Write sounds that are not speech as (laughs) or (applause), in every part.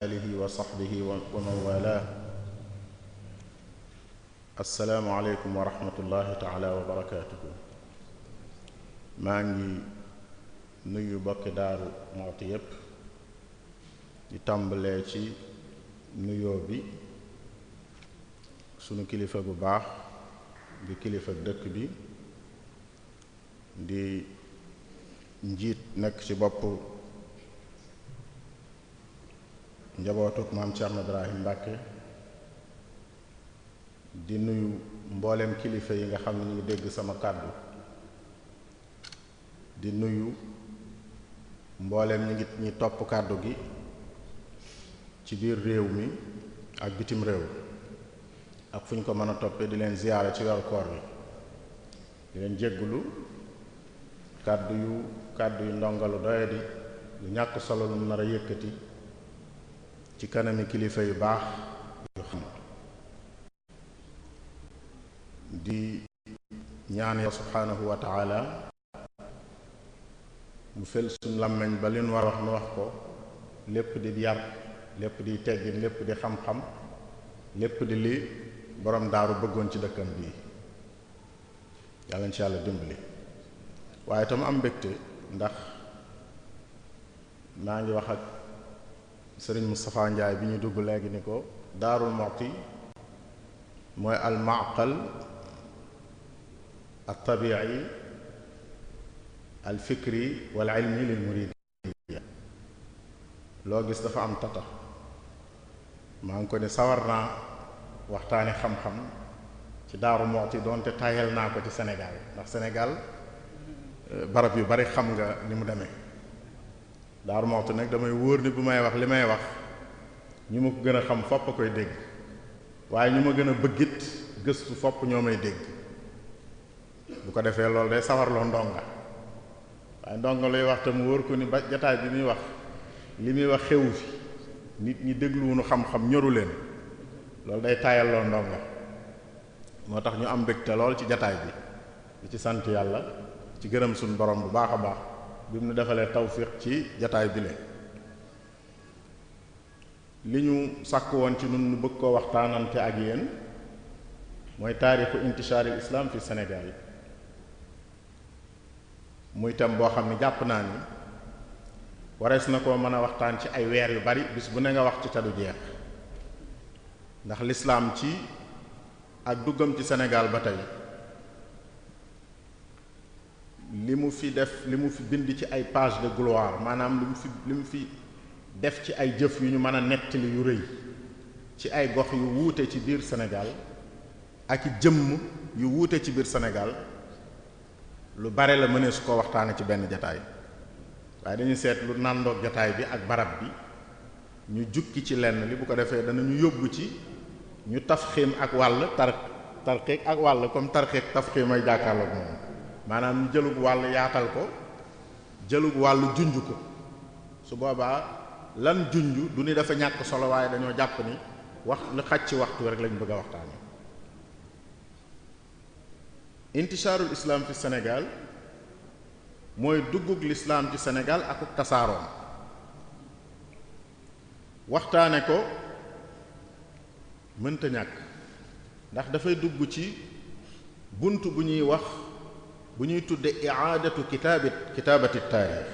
alihi wa saxbihi wa man wala assalaamu aleykum wa rahmatullahi taala wa maa ngi nuyu bokki daaru Muxti yépp di tàmbalee ci nuyoo bi sunu kilifa bu baax bi kilifa dëkk bi di njiit nekk ci bopp njabootuk maam Thierno Ibrahim Mbacke di nuyu mboolem kilifa yi nga xam ne ñu ngi dégg sama kàddu di nuyu mboolem ñi ngi ñi topp kàddu gi ci biir réew mi ak bitim réew ak fu ñu ko mën a toppee di leen ziyaare ci weeru koor bi di leen jéggulu kàddu yu kàddu yu ndongalu doyadi lu ñàkk solo nar a yëkkati ci kanami kilifa yu baax yu xam di ñaan yàlla subhaanahu wa taala fel suñ làmmiñ ba leen war wax nu wax ko lépp di yar lépp di teggin lépp di xam-xam lépp di li borom daaru bëggoon ci dëkkam bii yàlla insha allah dimbali waaye tam am mbégte ndax maa ngi wax ak sëriñ Moustapha Ndiaye bi ñu dugg léegi ni ko Daarul Muxti mooy al maqal al tabi'i al wal ilmi lil murid loo gis dafa am tata maa ngi ko ne sawar naa waxtaane xam-xam ci Daaru Muxti doonte tayal naa ko ci Sénégal ndax Sénégal euh, barab yu bari xam nga ni mu demee Daaru Muxti nag damay wóor ni bu may wax li may wax ñu ma ko gën a xam fopp a koy dégg waaye ñu ma gën a bëggit gëstu fopp ñoo may dégg bu ko defee loolu day sawarloo ndonga waaye ndonga luy wax tam wóor ko ni ba jataay bi muy wax li muy wax xewu fi nit ñi dégluwunu xam-xam ñoru leen loolu day taayalloo la moo tax ñu am mbégte lool ci jataay bi di ci sant yàlla ci gërëm suñu borom bu baax a baax bi mu nu defalee tawfiq ci jataay bile li ñu sàkk woon ci nun nu bëgg koo waxtaanante ak yéen mooy taarixu intishaaril islam fi Sénégal muy thème boo xam ne jàpp naa ni warees na ko mën a waxtaan ci ay weer yu bari bis bu ne nga wax ci te du jeex ndax lislaam ci ak duggam ci senegaal ba tey li mu fi def li mu fi bind ci ay page de gloire maanaam li mu fi li mu fi def ci ay jëf yu ñu mën a nettali yu rëy ci ay gox yu wuute ci biir senegal ak i jëmm yu wuute ci biir senegal lu bare la mënee su ko waxtaane ci benn jataay waaye dañuy seet lu nàndoog jataay bi ak barab bi ñu jukki ci lenn li bu ko defee danañu yóbbu ci ñu taf tafxiim ak wàll tar tarqiq ak wàll comme tarqiq tafxiim ay jàkkaarloog moom maanaam ñu jëlug wàll yaatal ko jëlug wàll junj ko su boobaa lan junj du ni dafa ñàkk solo waaye dañoo jàpp ni wax li xaj ci waxtu rek lañ bëgg a waxtaane intishaarul islam fi Sénégal mooy duggug lislaam ci senegal ak tasaaroom waxtaane ko mënta ñàkk ndax dafay dugg ci bunt bu ñuy wax bu ñuy tudde iaadatu kitaabit kitaabati taarix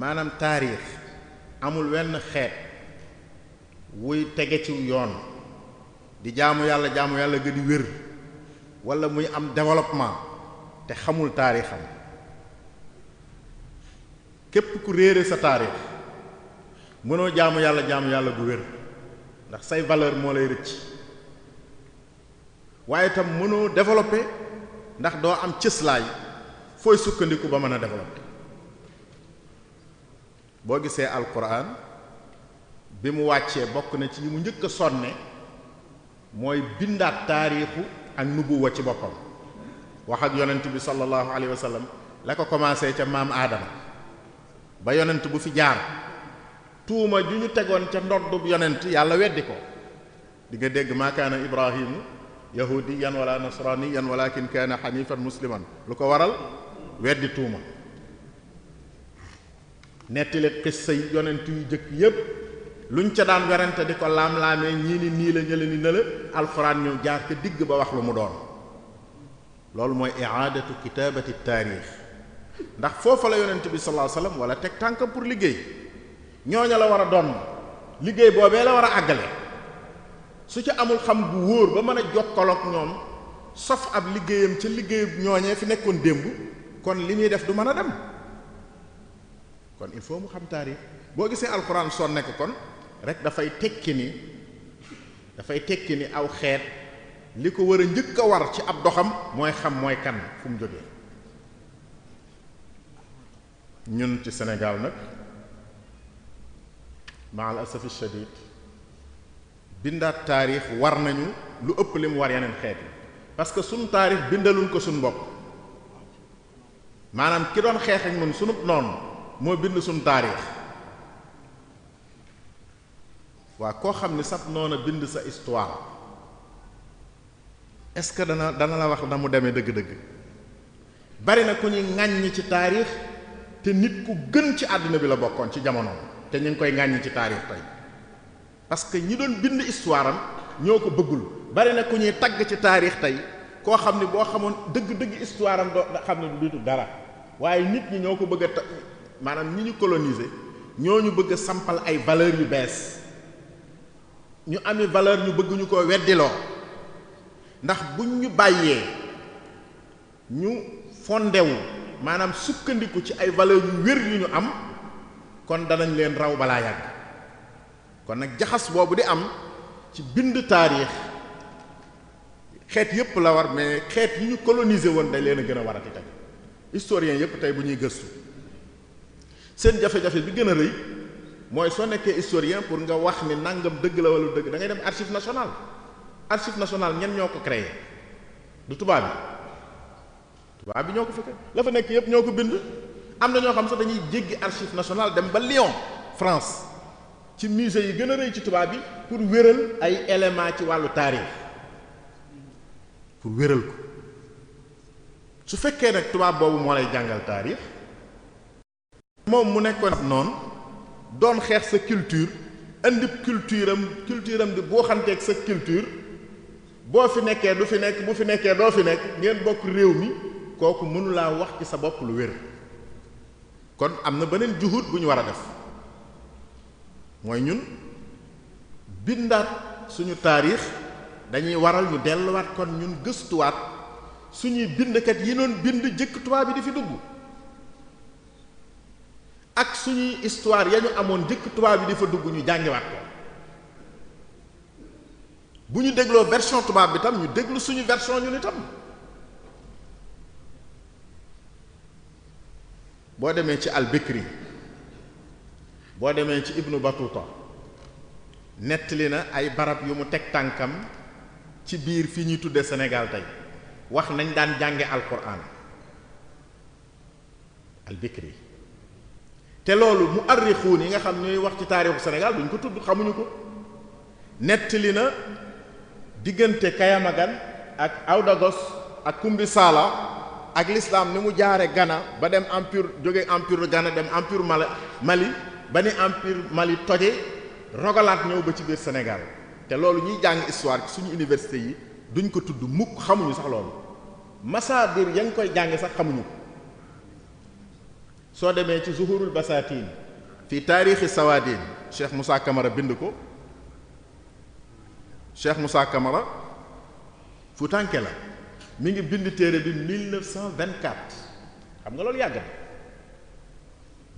maanaam taarix amul wenn xeet wuy tege ci yoon di jaamu yàlla jaamu yàlla gën di wér wala muy am développement te xamul taarixam képp ku réere sa taarix mënoo jaamu yàlla jaamu yàlla gu wér ndax say valeur moo lay rëcc waaye itam mënoo développer ndax doo am cëslaay fooy sukkandiku ba mën a développé boo gisee alquran bi mu wàccee bokk na ci yi mu njëkk a sonne mooy bindaat taarixu ak nubuwa ci boppam wax ak yonent bi sallallahu alayhi wa la ko commencé ca maam aadama ba yonent bu fi jaar tuuma ju ñu tegoon ca ndoddub yonent yàlla weddi ko di nga dégg maakaana ibrahimu yahudiyan wala nasraniyan walakin kaana xanifan musliman lu ko waral weddi tuuma nettali xissa yi yonent yu jëkk yépp luñ ca daan werante di ko laam-laamee ñii ni nii la ñële ni nële alxuraan ñëw jaar ca digg ba wax lu mu doon loolu mooy i'aadatu kitaabati taarix ndax foofa la yonent bi sallallahu alayhi wala teg tànkam pour liggéey ñooña la war a doon liggéey boobee la war a àggale su ci amul xam bu wóor ba mën a jokkaloog ñoom sof ab liggéeyam ca liggéeyub ñooñee fi nekkoon démb kon li ñuy def du mën a dem kon il faut mu xam taarix boo gisee alxuraan son nekk kon rek dafay tekki ni dafay tekki ni aw xeet li ko war a njëkk a war ci ab doxam mooy xam mooy kan fu mu jógee ñun ci senegal nag ma la asafi shadid bindaat taarix war nañu lu ëpp li mu war yeneen xeet yi parce que suñ taarix bindaluñ ko suñ bopp maanaam ki doon xeex ak ñun sunub noonu moo bind suñ taarix waa koo xam ni sab noon a bind sa histoire est-ce que dana dana la wax na mu demee dëgg-dëgg bari na ku ñuy ŋàññi ci taarix te nit ku gën ci àdduna bi la bokkoon ci jamono te ñu ngi koy ŋàññi ci taarix tey parce que ñi doon bind histoire ñoo ko bëggul bari na ku ñuy tagg ci taarix tey koo xam ne boo xamoon dëgg-dëgg histoire am doo xam ne du dara waaye nit ñi ñoo ko bëgg a ta maanaam ñi ñu coloniser ñoo ñu bëgg a sampal ay valeur yu bees ñu ami valeur ñu bëgguñu ñu ko weddiloo ndax buñ ñu bàyyee ñu fondewu maanaam sukkandiku ci ay valeurs yu wér yu ñu am kon danañ leen raw balaa yàgg kon nag jaxas boobu di am ci bind taarix xeet yëpp la war mais xeet yi ñu colonisé woon day leen a gën a warati tey historien yëpp tey bu ñuy gëstu seen jafe-jafe bi gën a rëy mooy soo nekkee historien pour nga wax ni nangam dëgg la wala dëgg dangay dem archive nationale archive national ñen ñoo ko créer du tubaab bi tubaab bi ñoo ko fekkee la fa nekk yëpp ñoo ko bind am na ñoo xam sax dañuy jéggi archive national dem ba Lyon France ci musée yi gën a rëy ci tubaab bi pour wéral ay éléments ci wàllu taarix pour wéral ko su fekkee nag tubaab boobu moo lay jàngal taarix moom mu nekkoon noonu doon xeex sa culture indi culture am culture di boo xanteeg sa culture boo fi nekkee du fi nekk bu fi nekkee doo fi nekk ngeen bokk réew mi kooku mënulaa wax ci sa bopp lu wér kon am na beneen juhut bu ñu war a def mooy ñun bindaat suñu taarix dañuy waral ñu delluwaat kon ñun gëstuwaat suñuy bindket yi doon bind jëkk tubaab bi di fi dugg ak suñuy histoire ya ñu amoon jëkk tubaab bi di fa dugg ñu jàngiwaat ko bu ñu dégloo version tubaab bi tam ñu déglu suñu version ñun itam boo demee ci al boo demee ci Ibnu Batuta nettali na ay barab yu mu teg tànkam ci biir fii ñuy tudde Sénégal tey wax nañ daan jànge alquran albikri te loolu mu arrixuun yi nga xam ñuy wax ci taarixu Sénégal duñ ko tudd xamuñu ko nettali na diggante Kayamagan ak Awdagos ak Kumbisala ak l'islam ni mu jaare gana ba dem empire jóge empire Ghana dem empire Mali ba ni empire Mali toje rogalaat ñëw ba ci biir Sénégal te loolu ñuy jàng histoire ci suñu université yi duñ ko tudd mukk xamuñu sax loolu masaadir ya ngi koy jànge sax xamuñu ko soo demee ci zuhurul basatin fi taarixi sawaadin Cheikh Moussa Camara bind ko Cheikh Moussa Camara fu tànke la mu ngi bind téere bi 1924 xam nga loolu yàgg na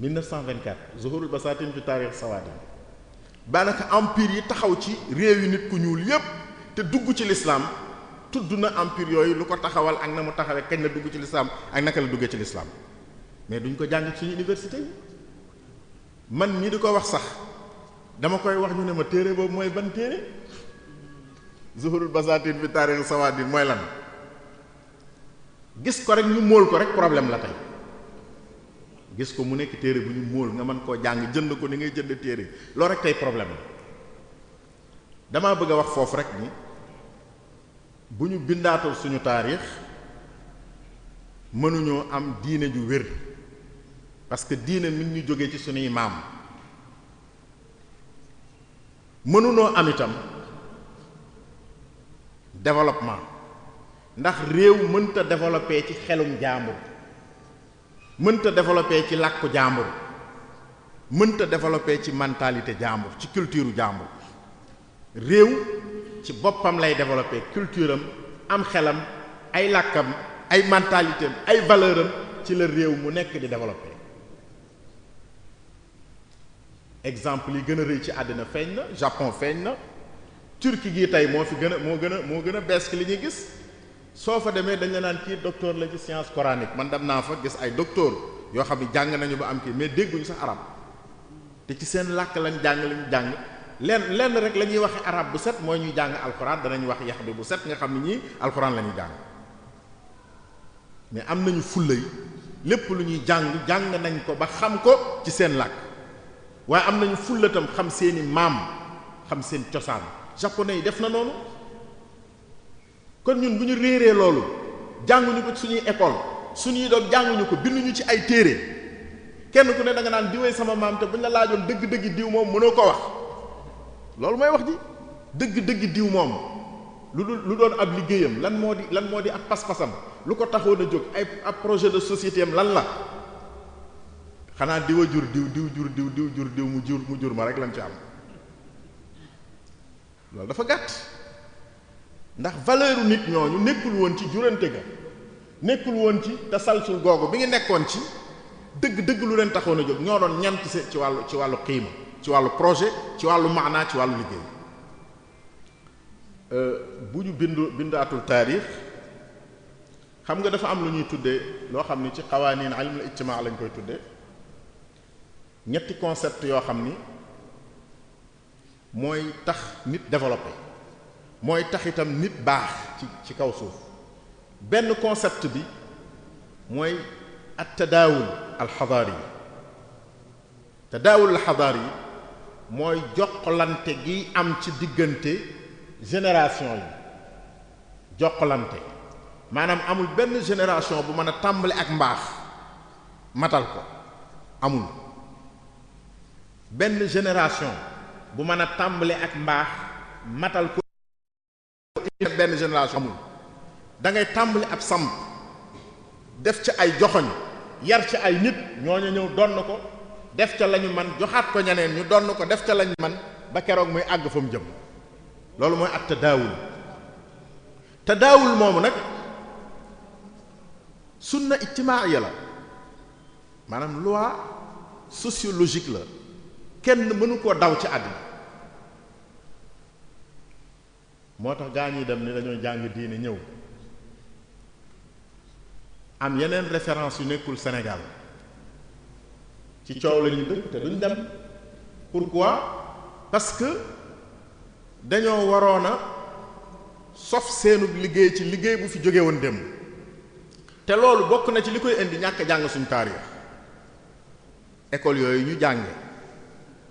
vingt 1924 zuhurul basaatin fi taarix sawaatin daanaka empire yi taxaw ci réew yi nit ku ñuul yépp te dugg ci lislaam tudd na empire yooyu lu ko taxawal ak na mu taxawee kañ la dugg ci lislaam ak naka la duggee ci lislaam mais duñ ko jàng ci université man ñi di ko wax sax dama koy wax ñu ne ma téere boobu mooy ban téere zuhurul basaatin fi taarix sawaatin mooy lan gis ko rek ñu móol ko rek problème la tey gis ko mu nekk téere bu ñu móol nga mën koo jàng jënd ko ni ngay jënd téere loo rek tey problème la damaa bëgg a wax foofu rek ni bu ñu bindaatal suñu taarix mënuñoo am diine ju wér parce que diine mi ñu jógee ci suñuy maam mënunoo am itam développement ndax réew mënta développé ci xelum jàmbur mënta développé ci làkku jàmbur mënta développé ci mentalité jàmbur ci culture jàmbur réew ci boppam lay développé culture am am xelam ay làkkam ay mentalité ay valeur ci la réew mu nekk di développé exemple yi gën a rëy ci àddina feeñ na Japon feeñ na Turquie gii tey moo fi gën a moo gën a moo gën a bees ki li ñuy gis soo fa demee dañ naan kii docteur la ci science coranique man dem naa fa gis ay docteur yoo xam ne jàng nañu ba am kii mais dégguñu sax arab te ci seen làkk lañ jàng lañ jàng lenn lenn rek la ñuy waxe arab bu set mooy ñuy jàng alxuraan danañ wax yax bi bu set nga xam ne ñii alxuraan la ñuy mais am nañu fulla yi lépp lu ñuy jàng jàng nañ ko ba xam ko ci seen làkk waaye am nañu fulla tam xam seeni maam xam seen cosaan japonais yi def na noonu kon ñun bu ñu réeree loolu jànguñu ko suñuy école suñuy doom jànguñu ko binduñu ci ay téere kenn ku ne da nga naan diwee sama maam te buñ la laajoon dëgg-dëgg diw moom mënoo ko wax loolu mooy wax ji dëgg-dëgg diw moom lu du lu doon ab liggéeyam lan moo di lan moo di ab pas-pasam lu ko taxoon a jóg ay ab projet de société am lan la xanaa diw a jur diw diw jur diw diw jur diw mu jur mu jur ma rek lan ci am loolu dafa gàtt ndax valeuru nit ñooñu nekkul woon ci jurante ga nekkul woon ci tasalsul googu bi nga nekkoon ci dëgg dëgg lu leen taxoon a jóg ñoo doon ñan ci ci wàllu ci wàllu xiima ci wàllu projet ci wàllu maanaa ci wàllu liggéey euh, bu ñu bindu bindaatul taarix xam nga dafa am lu ñuy tuddee loo xam ni ci xawaaniin ilmul ijtimaa lañ koy tuddee ñetti concept yoo xam ni mooy tax nit développé mooy taxitam nit baax ci ci kaw suuf benn concept bi mooy at tadaawul alxadaar yi tadaawul alxadaar yi mooy jokkalante gi am ci diggante génération yi jokkalante maanaam amul benn génération bu mën a tàmbali ak mbaax matal ko amul benn génération bu mën a tàmbali ak mbaax matal ko benn génération amul da ngay tàmbali ab sàmm def ci ay joxoñ yar ci ay nit ñooñu ñëw donn ko def ca lañu man joxaat ko ñeneen ñu donn ko def ca lañu man ba keroog muy àgg fa mu jëm loolu mooy at tadaawul tadaawul moomu nag na sunna yi la maanaam loi sociologique la kenn mënu ko daw ci àddina moo tax gaa ñi dem ni dañoo jàng diine ñëw am yeneen référence yu nekkul Sénégal ci coow la ñu dëkk te duñ dem pourquoi parce que dañoo waroon a sof seenub liggéey ci liggéey bu fi jóge woon démb te loolu bokk na ci li koy indi ñàkk jàng suñu taarix école yooyu ñu jànge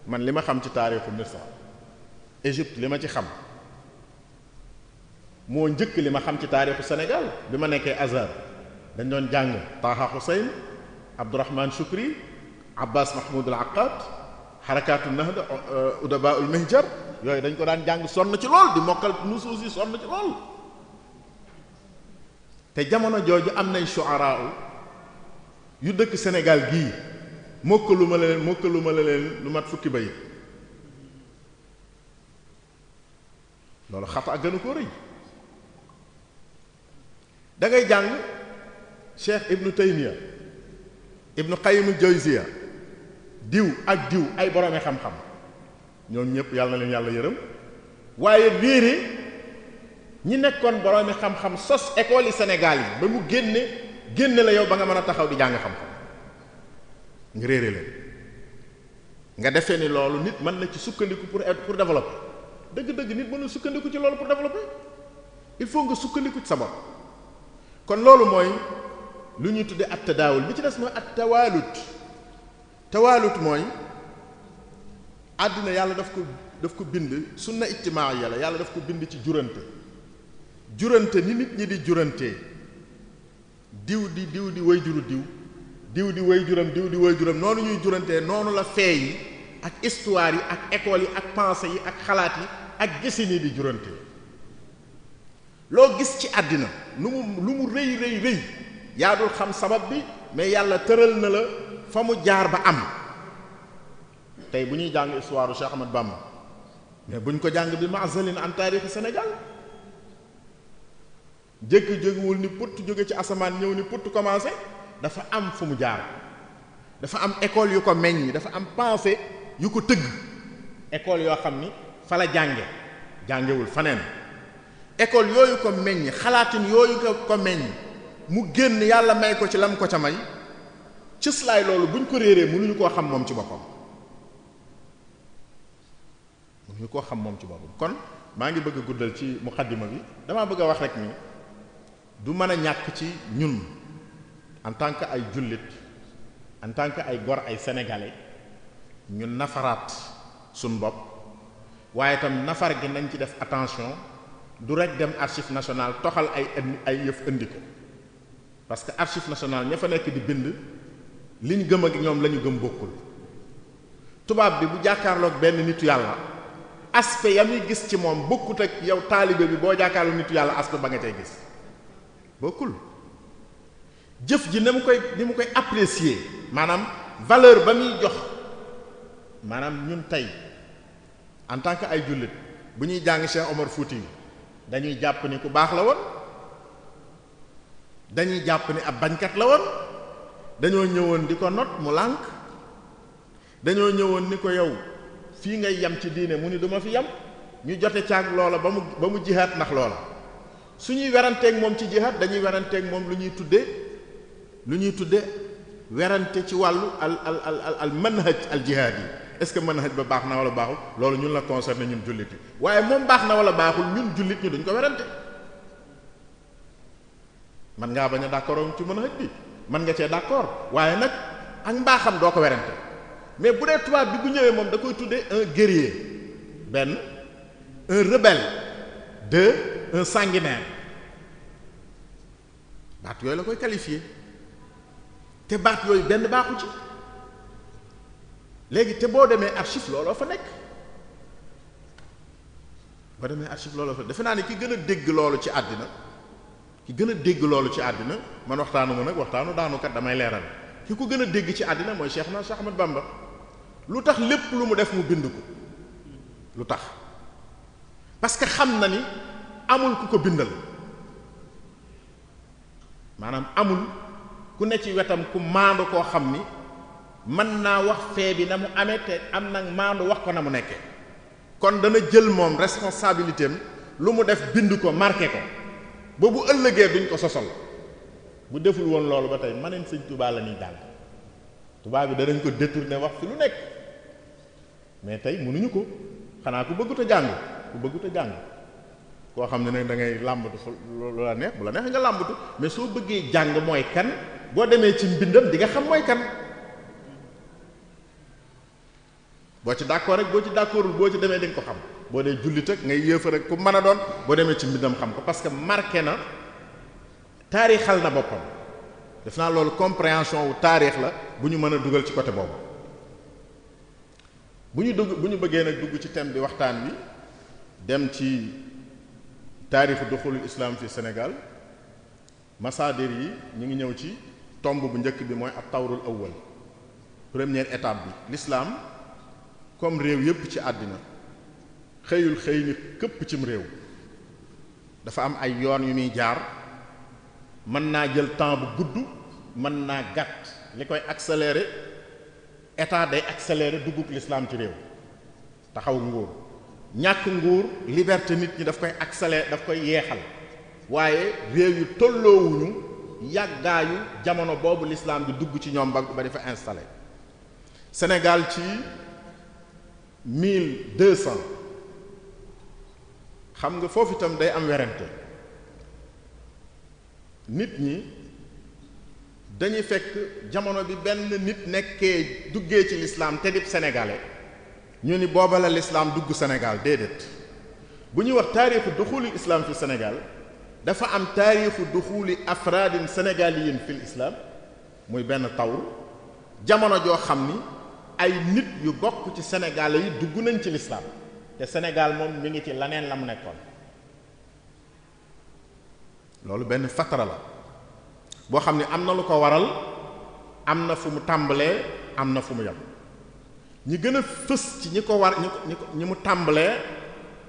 man li ma xam ci taarixu Misra Égypte li ma ci xam moo njëkk li ma xam ci taarixu senegal bi ma nekkee Azhar dañ doon jàng Taha Hussein Abdourahman Choukri Abbas Mahmoud al Aqad xarakaatu Nahda Udaba Mihjar yooyu dañ ko daan jàng sonn ci lool di mokkal nusuus yi sonn ci lool te jamono jooju am nay shu'ara yu dëkk senegal gii mokkaluma la leen mokkaluma la leen lu mat fukki bay loolu xata gënu ko rëy da ngay jàng cheikh ibnu taymiya ibnu qayyimul jawziya diw ak diw ay boroomi xam-xam ñoom ñëpp yàlla na leen yàlla yërëm waaye réere ñi nekkoon boroomi xam-xam sos école yi Sénégal yi ba mu génne génne la yow ba nga mën a taxaw di jàng xam-xam nga réere leen nga defee ni loolu nit mën na ci sukkandiku pour pour développer dëgg-dëgg nit mënul sukkandiku ci loolu pour développer il faut nga sukkandiku ci sa bopp kon loolu mooy lu ñuy tuddee at tadaawul li ci des mooy at tawaalut tawaalut mooy àdduna yàlla daf ko daf ko bind na ijtimaa yàlla yàlla daf ko bind ci jurante jurante ni nit ñi di jurantee diw di diw di way juru diw diw di way juram diw di way juram noonu ñuy jurantee noonu la fee yi ak histoire yi ak école yi ak pensée yi ak xalaat yi ak gisin yi di jurantee loo gis ci àddina lu mu lu mu rëy rëy rëy yaa dul xam sabab bi mais yàlla tëral na la fa mu jaar ba am tey bu ñuy jàng histoire Cheikh Ahmad Bamba mais buñ ko jàng bi mazalin an taarixi Sénégal jékki-jékkiwul ni putt jóge ci asamaan ñëw ni putt commencé dafa am fu mu jaar dafa am école yu ko meññ dafa am pensée yu ko tëgg école yoo xam ni fa la jànge jàngewul faneen école yooyu ko meññ xalaatin yooyu ko meññ mu génn yàlla may ko ci lam ko ca may cëslaay loolu buñ ko réeree mënuñu koo xam moom ci boppam mënuñu koo xam moom ci boppam kon maa ngi bëgg a guddal ci muqaddima bi damaa bëgg a wax rek ni du mën a ñàkk ci ñun en tant que ay jullit en tant que ay gor ay sénégalais ñun nafaraat suñ bopp waaye tam nafar gi nañ ci def attention du rek dem archive nationale toxal ay ay yëf indi ko parce que archive nationale ña fa nekk di bind liñ gëm ak ñoom lañu gëm bokkul tubaab bi bu jàkkaarloog benn nitu yàlla aspect ya muy gis ci moom bokkut ak yow taalibe bi boo jàkkaarloog nitu yàlla aspect ba nga cay gis bokkul jëf ji ni mu koy ni mu koy apprécier maanaam valeur ba muy jox maanaam ñun tey en tant que ay jullit bu ñuy jàng Cheikh Omar Fouti dañuy jàpp ni ku baax la woon dañuy jàpp ni ab bañkat la woon dañoo ñëwoon di ko not mu lànk dañoo ñëwoon ni ko yow fii ngay yam ci diine mu ni duma fi yam ñu jote caag loola ba mu ba mu jihaat ndax loola su ñuy weranteeg moom ci jihaat dañuy weranteeg moom lu ñuy tudde lu ñuy tudde werante ci wàllu al al al al manhaj al jihaad yi est que mën a xaj ba baax na wala baaxul loolu ñun la concerné ñun jullit yi waaye moom baax na wala baaxul ñun jullit ñu duñ ko werante man ngaa bañ a d'accord ci mën a xaj nga cee d'accord waaye nag ak mbaaxam doo ko werante mais bu dee tubaab bi bu ñëwee moom da koy tuddee un guerrier benn un rebelle deux un sanguinaire baat yooyu la koy qualifier te baat yooyu benn baaxu ci léegi te boo demee archive looloo fa nekk boo demee archive looloo fa defe naa ne ki gën a dégg loolu ci àddina ki gën a dégg loolu ci àddina man waxtaanu ma nag waxtaanu daanukat damay leeral ki ko gën a dégg ci àddina mooy seex na Cheikh Ahmad Bamba lu tax lépp lu mu def mu bind ko lu tax parce que xam na ni amul ku ko bindal maanaam amul ku ne ci wetam ku maandu koo xam ni man naa wax fee bi na mu amee te am nag maandu wax ko na mu nekkee kon dana jël moom responsabilité am lu mu def bind ko marqué ko ba bu ëllëgee duñ ko sosol bu deful woon loolu ba tey maneen sëñ tubaa la nii dàll Touba bi danañ ko ne wax fi lu nekk mais tey mënuñu ko xanaa ku bëggut a jàng ku bëggut a jàng koo xam ne nag da ngay làmbatu lu la neex bu la neex nga làmbatu mais soo bëggee jàng mooy kan boo demee ci mbindam di nga xam mooy kan. boo ci d'accord rek boo ci d'accordul boo ci demee di nga ko xam boo dee jullit ngay yéefar rek ku mën a doon boo demee ci mbindam xam ko parce que marqué na taarixal na boppam def naa loolu compréhension wu taarix la bu ñu mën a dugal ci côté boobu bu ñu dugg bu ñu bëggee nag dugg ci thème bi waxtaan wi dem ci taarixu duxulul islam fi Sénégal masaadir yi ñu ngi ñëw ci tomb bu njëkk bi mooy ab tawrul awwal première étape bi l'islam comme réew yépp ci àddina xëyul xëy ni këpp cim réew dafa am ay yoon yu muy jaar mën naa jël temps bu gudd mën naa gàtt li koy accélérer état day accélérer duggug l'islam ci réew taxaw nguur ñàkk nguur liberté nit ñi daf koy accélérer daf koy yeexal waaye réew yu tolloowuñu yàggaayu jamono boobu l'islam bi dugg ci ñoom ba ba dafa installé Sénégal ci mille deux cent xam nga foofu itam day am werante nit ñi dañuy fekk jamono bi benn nit nekkee duggee ci lislaam te dib sénégalais ñu ni booba la lislaam dugg Sénégal déedéet bu ñu wax taarixu duxuli islaam fi Sénégal dafa am taarixu duxuli afraadin sénégaliyin fil islaam muy benn tawr jamono joo xam ni ay nit yu bokk ci Sénégal yi dugg nañ ci lislaam te senegaal moom ñu ngi ci laneen la mu nekkoon loolu benn fatara la boo xam ni am na lu ko waral am na fu mu tàmbalee am na fu mu yem ñi gën a fës ci ñi ko war ñi ko ñi mu tàmbalee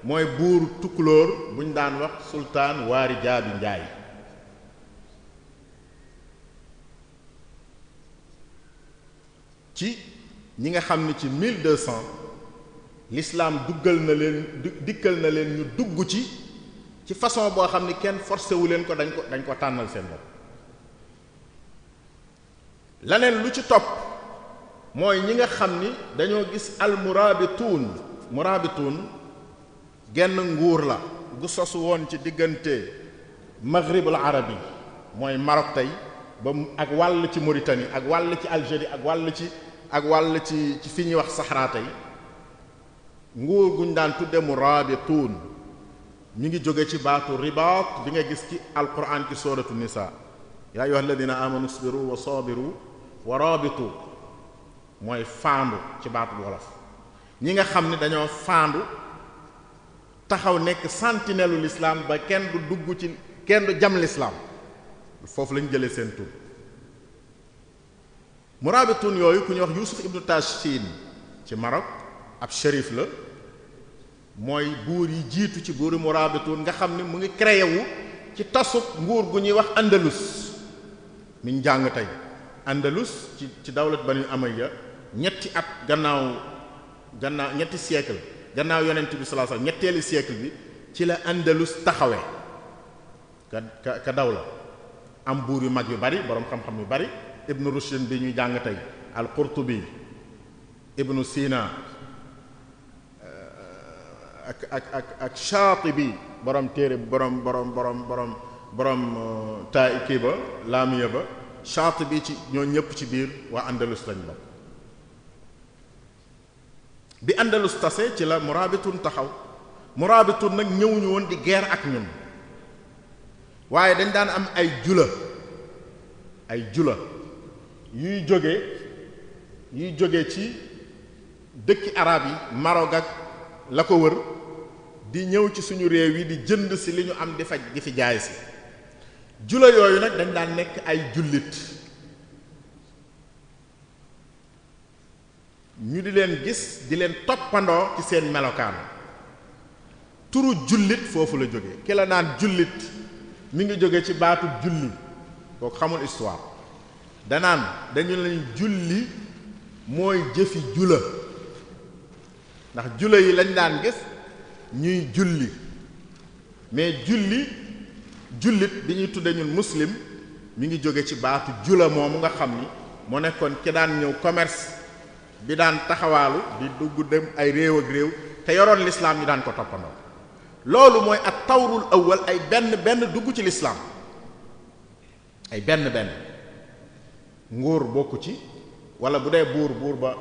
mooy buur tukulóor buñ daan wax sultaan waari jaabi njaay ci ñi nga xam ni ci 1200 l'islam duggal na leen dikkal na leen ñu dugg ci ci façon boo xam ni kenn forcé wu leen ko dañ ko dañ ko tànnal seen bopp laneen lu ci topp mooy ñi nga xam ni dañoo gis almuraabituun muraabituun genn nguur la gu sosu woon ci diggante maghribul arabi mooy Maroc tey ba ak wàll ci Mauritanie ak wàll ci Algérie ak wàll ci ak wàll ci ci fi ñuy wax saxaraa tey nguur guñ daan tudde murabituun ñu ngi jóge ci baatu ribaat bi nga gis ci alquran ci suratu nisa yaa ayyuha alladina amanu isbiru wa sabiru wa rabitu mooy faandu ci baatu wolof ñi nga xam ni dañoo faandu taxaw nekk sentinelle lislaam ba kenn du dugg ci kenn du jam l'islam foofu lañ jëlee seen tur murabitun yooyu ku ñuy wax Yuusuf ibnu Tashin ci Maroc ab shérif la mooy buur yi jiitu ci buuri murabitun nga xam ne mu ngi créé wu ci tasub nguur gu ñuy wax Andalus miñ jàng tey Andalus ci ba dawlat Bani Umayya ñetti at gannaaw gannaaw ñetti siècle gannaaw yonent bi sallallahu alayhi ñetteeli siècle bi ci la Andalus taxawe ka ka ka dawla am buur yu mag yu bari boroom xam-xam yu bari ibnu rushdin bi ñuy jàng tey al qurtubi ibnu sina eh, ak ak ak ak shaatibi borom téere borom borom borom borom borom eh, taa kii ba laamiya bi ci ñoo ñëpp ci biir waa andalus lañ bokk bi andalus tase ci la muraabitun taxaw muraabitun nag ñëwuñu woon di guerre ak ñun waaye dañ daan am ay jula ay jula yuy jóge yuy jóge ci dëkki arab yi Maroc ak la ko wër di ñëw ci suñu réew yi di jënd si li ñu am di faj di fi jaay si jula yooyu nag dañ daan nekk ay jullit ñu di leen gis di leen toppandoo ci seen melokaan turu jullit foofu la jóge ki la naan jullit mi ngi jóge ci baatu julli boo xamul histoire danaan dañu lañ julli mooy jëfi jula ndax jula yi lañ daan gis ñuy julli mais julli jullit bi ñuy tudde ñun muslim mi ngi jóge ci baatu jula moomu nga xam ni mu nekkoon ki daan ñëw commerce bi daan taxawaalu di dugg dem ay réew ak réew te yoroon lislaam ñu daan ko toppandoo loolu mooy at tawrul awwal ay benn benn dugg ci lislaam ay benn benn nguur bokku ci wala bu dee buur buur ba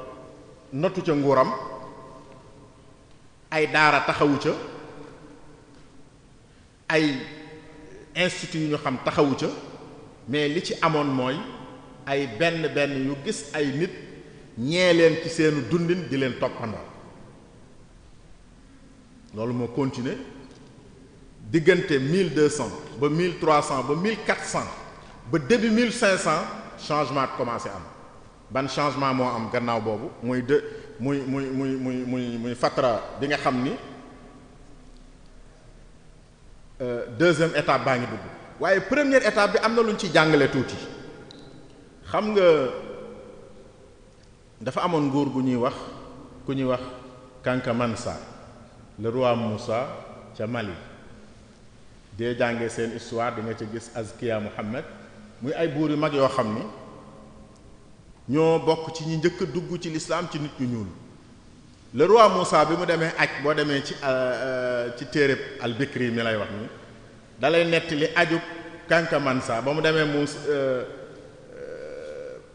nottu ca nguuram ay daara taxawu ca ay institut yu ñu xam taxawu ca mais li ci amoon mooy ay benn benn yu gis ay nit ñee leen ci seenu dundin di leen toppandoo loolu moo continuer diggante 1200 ba 1300 ba 1400 ba début 1500. changement commencé am ban changement moo am gannaaw boobu muy de muy muy muy muy muy muy fatra bi nga xam ni euh, deuxième étape baa ngi dugg waaye première étape bi am na lu ñu ci jàngale tuuti xam nga dafa amoon nguur gu ñuy wax ku ñuy wax Kankamansa le roi Moussa ca Mali dee jàngee seen histoire di nga ci gis Azkiya Muhammad muy ay buur yu mag yoo xam ni ñoo bokk ci ñu njëkk dugg ci lislaam ci nit ñu ñuul le roi Moussa bi mu demee aj boo demee ci euh, euh, ci téereb al-Bikri mi lay wax ni dalay nettali aju Kankamansa ba mu demee mu euh,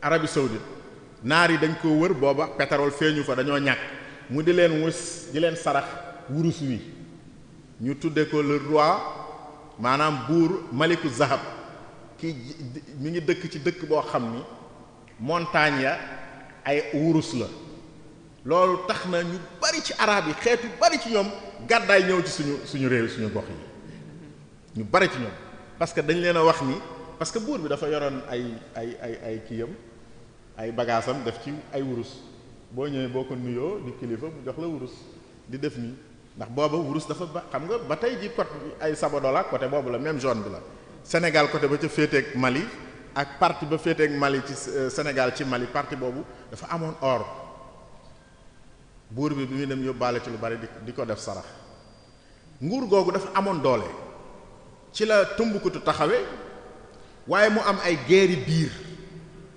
arabi saoudite naar yi dañ ko wër booba pétrole feeñu fa dañoo ñàkk mu di leen wus di leen sarax wurus wi ñu tuddee ko le maanaam buur maliku zahab kii mi ngi dëkk ci dëkk boo xam ni montagne ya ay wurus la loolu tax na ñu bari ci araab yi xeetu bari ci ñoom gàddaay ñëw ci suñu suñu réew suñu gox yi ñu bari ci ñoom parce que dañ leen a wax ni parce que buur bi dafa yoroon ay ay ay ay kiyam ay bagaasam def ci ay wurus boo ñëwee boo ko nuyoo di kilifa mu jox la wurus di def nii ndax booba wurus dafa ba xam nga ba tey ji côté ay Sabodala côté boobu la même zone bi la Sénégal côté ba ca féeteeg Mali ak parti ba féeteeg Mali ci euh, Sénégal ci Mali parti boobu dafa amoon or buur bi bi muy dem yóbbaale ci lu bari di di ko def sarax nguur googu dafa amoon doole ci la Tombouctou taxawee waaye mu am ay guerre biir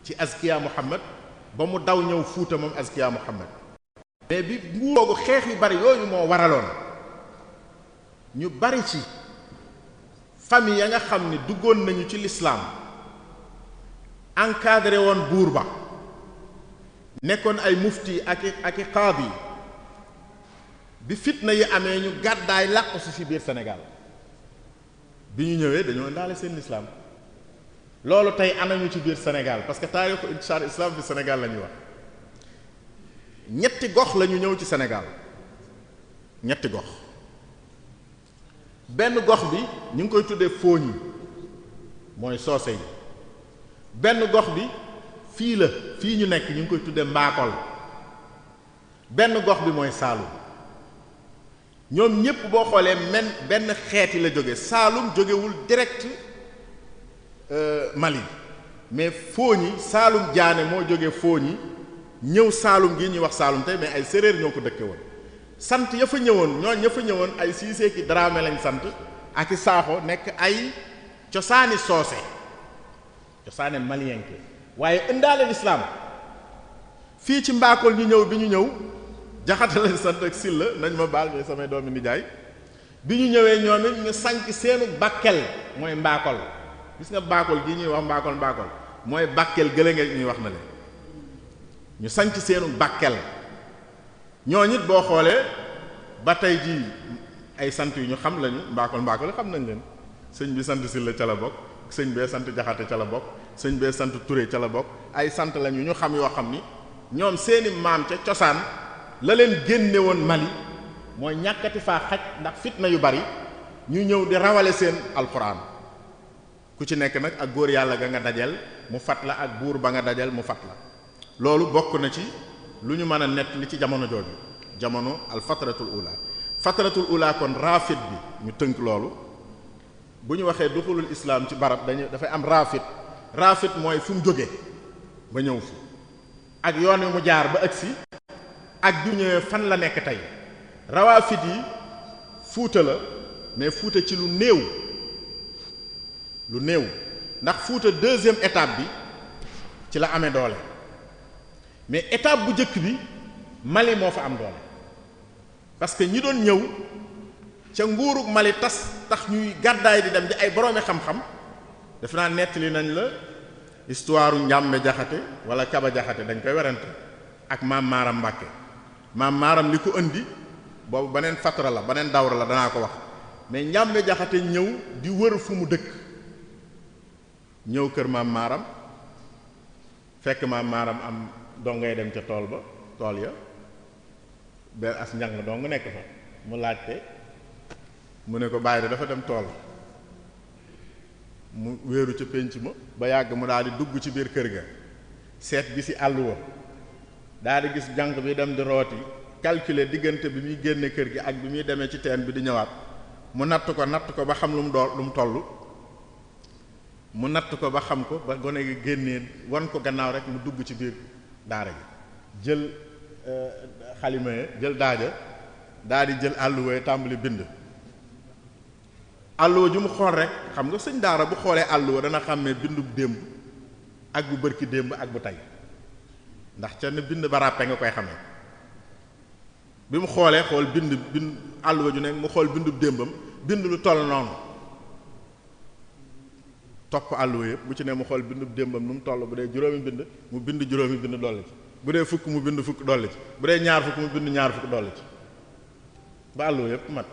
ci Azkiya Muhammad ba mu daw ñëw Fuuta moom Azkiya Muhammad mais bi nguur googu xeex yu bari yooyu moo waraloon ñu bari ci. famille ya nga xam ne duggoon nañu ci lislaam encadré woon buur ba nekkoon ay mufti ak i ak i qaadi bi fitna yi amee ñu gàddaay làqu si si biir Sénégal bi ñu ñëwee dañoo indaale seen lislaam loolu tey anañu ci biir Sénégal parce que taarixu intishaar islam fi Sénégal la wax ñetti gox lañu ñëw ci Sénégal ñetti gox benn gox bi ñu ngi koy tuddee fooñ yi mooy soose yi benn gox bi fii la fii ñu nekk ñu ngi koy tuddee mbaakol benn gox bi mooy saalum ñoom ñépp boo xoolee men benn xeeti la jóge saalum jógewul direct euh, Mali mais fooñi saalum jaane moo jóge fooñi ñëw saalum gi ñuy wax saalum tey mais ay séréer ñoo ko dëkke woon sant ya fa ñëwoon ñooñ ya fa ñëwoon ay siisee ki Dramé lañ sant ak i saaxo nekk ay cosaani soose cosaani malien waaye indaale lislaam fii ci mbaakool ñu ñëw bi ñu ñëw jaxate lañ sant ak silla nañ ma baal mais samay doomi nijaay bi ñu ñëwee ñoom it ñu sanc seenu Bakel mooy mbaakol gis nga mbaakol gi ñuy wax mbaakol mbaakol mooy Bakel gële nga ñuy wax na le ñu sanc seenu Bakel ñoo ñit boo xoolee ba tey jii ay sant yu ñu xam lañu mbaakol mbaakol xam nañ leen sëñ bi sant Sylla ca la bokk sëñ bee sant Jaxate ca la bokk sëñ bee sant Touré ca la bokk ay sant lañu ñu xam yoo xam ni ñoom seeni maam ca cosaan la leen génne woon Mali mooy ñàkkati faa xaj ndax fitna yu bari ñu ñëw di rawale seen alxuraan ku ci nekk nag ak góor yàlla ga nga dajal mu fat la ak buur ba nga dajal mu fat la loolu bokk na ci lu ñu mën a nett li ci jamono jooju jamono al fatratul ula fatratul ula kon raafit bi ñu tënk loolu bu ñu waxee duxulul islaam ci barab dañu dafay am raafit raafit mooy fu mu jógee ba ñëw fi ak yoon wi mu jaar ba agsi ak du fan la nekk tey rawaafit yi fuuta la mais fuuta ci lu néew lu néew ndax fuuta deuxième étape bi ci la amee doole mais étape bu njëkk bi Mali moo fa am doole parce que ñi doon ñëw ca nguurug Mali tas tax ñuy gàddaay di dem di ay boroomi xam-xam def naa nettali nañ la histoire Njàmbe Jaxate wala Kaba Jaxate dañ koy werante ak maam Maaram Mbàkke maam Maaram li ko ëndi boobu beneen fatara la beneen dawra la danaa ko wax mais Njàmbe Jaxate ñëw di wër fu mu dëkk ñëw kër maam Maaram fekk maam Maaram am dong ngay dem ca tool ba tool ya benn as njàng dong nekk fa mu laajte mu ne ko bàyyi de dafa dem tool mu wéeru ca pénc ma ba yàgg mu daal di dugg ci biir kër ga seet gi si àlluwa daal gis jànq bi dem di rooti calculer diggante bi muy génne kër gi ak bi muy demee ci teen bi di ñëwaat mu natt ko natt ko ba xam lu mu dool lu mu toll mu natt ko ba xam ko ba gone gi génnee wan ko gannaaw rek mu dugg ci biir daara gi jël euh, xalima jël daaja daal di jël àlluwa tàmbali bind àlluwa ju mu xool rek xam nga sëñ daara bu xoolee àlluwa dana xam ne bindu démb ak bu bërki démb ak bu tey ndax ca ne bind ba ràppe nga koy xamee bi mu xoolee xool bind bind àlluwa ju ne mu xool bindu démbam bind lu toll noonu topp àll wa yëpp bu ci ne mu xool bindu démbam nu mu toll bu dee juróomi bind mu bind juróomi bind dolli ci bu dee fukk mu bind fukk dolli ci bu dee ñaar fukk mu bind ñaar fukk dolli ci ba àll wa yëpp mat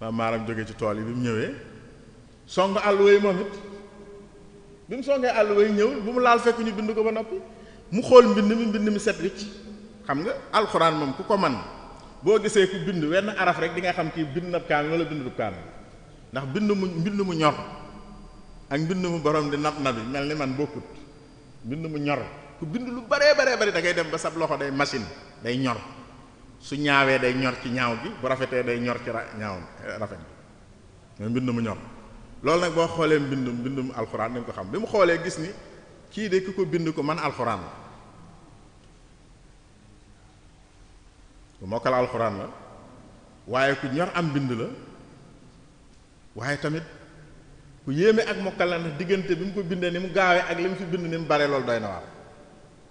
maa maaram jóge ci tool yi bi mu ñëwee song àll wa moom it bi mu songee àll wa laal fekk ñu bind ko ba noppi mu xool mbind mi mbind mi set wicc xam nga alxuraan moom ku ko man boo gisee ku bind wenn araf rek di nga xam kii bind nab kaamil wala bind nab kaamil ndax bind mu mbind mu ñor ak mbind mu borom di nab nabi mel ni man bokkut mbind mu ñor ku bind lu bare bare bari dangay dem ba sab loxo day machine day ñor su ñaawee day ñor ci ñaaw bi bu rafetee day ñor ci ñaaw rafet bi mbind mu ñor loolu nag boo xoolee mbindum mbindum alxuraan dañ ko xam bi mu xoolee gis ni kii de ki ko bind ko man alxuraan la ku mokkal alxuraan la waaye ku ñor am bind la waaye tamit ku yéeme ak mokkal la ndax diggante bi mu ko bindee ni mu gaawee ak li mu fi bind ni mu bare loolu doy na waar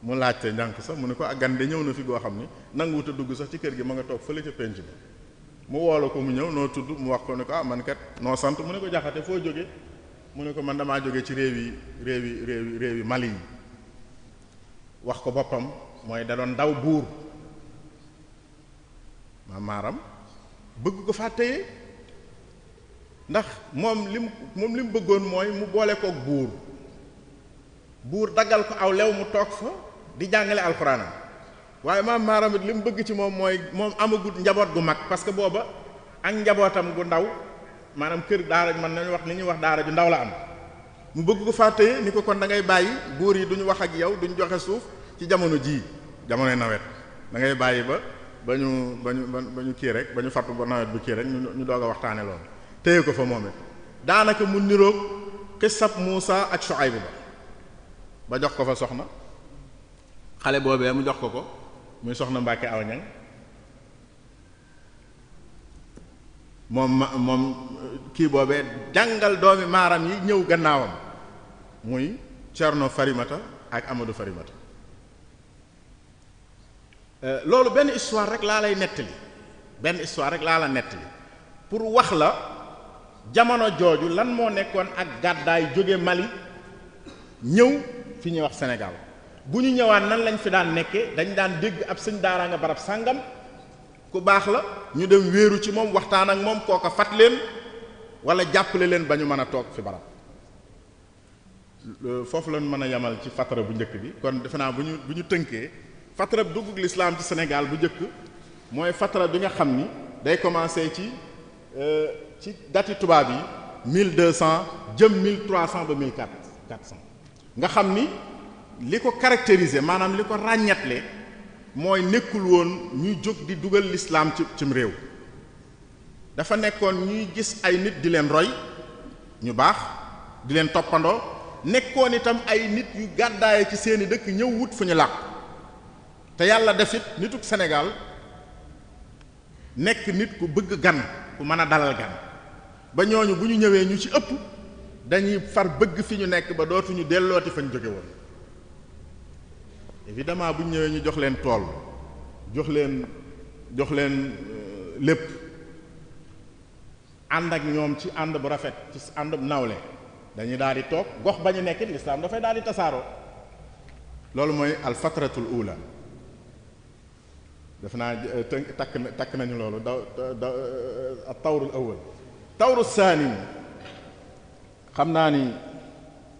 mu laajte njànk sax mu ne ko ak gan de ñëw na fi goo xam ni nanguwut a dugg sax ci kër gi ma nga toog fële ca penc bi mu ko mu ñëw noo tudd mu wax ko ne ko ah man noo sant mu ne ko jaxate foo jóge mu ne ko man damaa jóge ci réew yi réew yi réew yi réew yi Mali yi wax ko boppam mooy da doon daw buur ma maaram bëgg ko faa téye ndax moom li mu moom li mu bëggoon mooy mu boole kook buur buur daggal ko aw lew mu toog fa di jàngale alxuraanam waaye maam maaram it li mu bëgg ci moom mooy moom amagut njaboot gu mag parce que booba ak njabootam gu ndaw maanaam kër daara man nañu wax li ñuy wax daara ju ndaw la am mu bëgg ko fàtte ni ko kon da ngay bàyyi buur yi du duñu wax ak yow duñu joxe suuf ci jamono jii jamonoy nawet da ngay bàyyi ba ba ñu ba ñu ba ñu kii rek ba ñu fàpp ba nawet bu kii rek ñu doog a waxtaane loolu téye ko fa moom daanaka mu niroog xisab Muusa ak Shuayb ba ba jox ko fa soxna xale boobee mu jox ko ko muy soxna Mbàkke aw ñang moom ma moom kii boobee jàngal doomi maaram yi ñëw gannaawam muy Cerno Farimata ak Amadu Farimata euh, loolu benn histoire rek laa lay nettali benn histoire rek laa la nettali pour wax la jamono jooju lan moo nekkoon ak gàddaay jóge Mali ñëw fi ñuy wax Sénégal bu ñu ñëwaan nan lañ fi daan nekkee dañ daan dégg ab sëñ daaraa barab sàngam ku baax la ñu dem wéeru ci moom waxtaan ak moom kooka fat leen wala jàppale leen ba ñu mën a toog fi barab euh, foofu lañ mën a yamal ci fatara bu njëkk bi kon defe naa bu ñu bu ñu tënkee fatara duggug lislaam ci Sénégal bu njëkk mooy fatara bi nga xam ni day commencer ci euh, ci dati tubaab yi mille deux cent jëm mille cent ba mille quatre cent nga xam ni li ko caractériser maanaam li ko ràññatle mooy nekkul woon ñuy jóg di dugal lislaam ci cim réew dafa nekkoon ñuy gis ay nit di leen roy ñu baax di leen toppandoo nekkoon itam ay nit yu gàddaaye ci seeni dëkk ñëw wut fu ñu làq te yàlla defit nituk Sénégal nekk nit ku bëgg gan ku mën a dalal gan ba ñooñu bu ñu ñëwee ñu ci ëpp dañuy far bëgg fi ñu nekk ba dootuñu dellooti fañ jóge woon évidemment bu ñu ñëwee ñu jox leen tool jox leen jox leen euh, lépp ànd ak ñoom ci ànd bu rafet ci ànd bu nawle dañuy daal di toog gox ba ñu nekk lislaam dafay daal di tasaaroo loolu mooy alfatratul ula def naa euh, tënk takk takk nañu loolu daw daw euh, tawru saani xam naa ni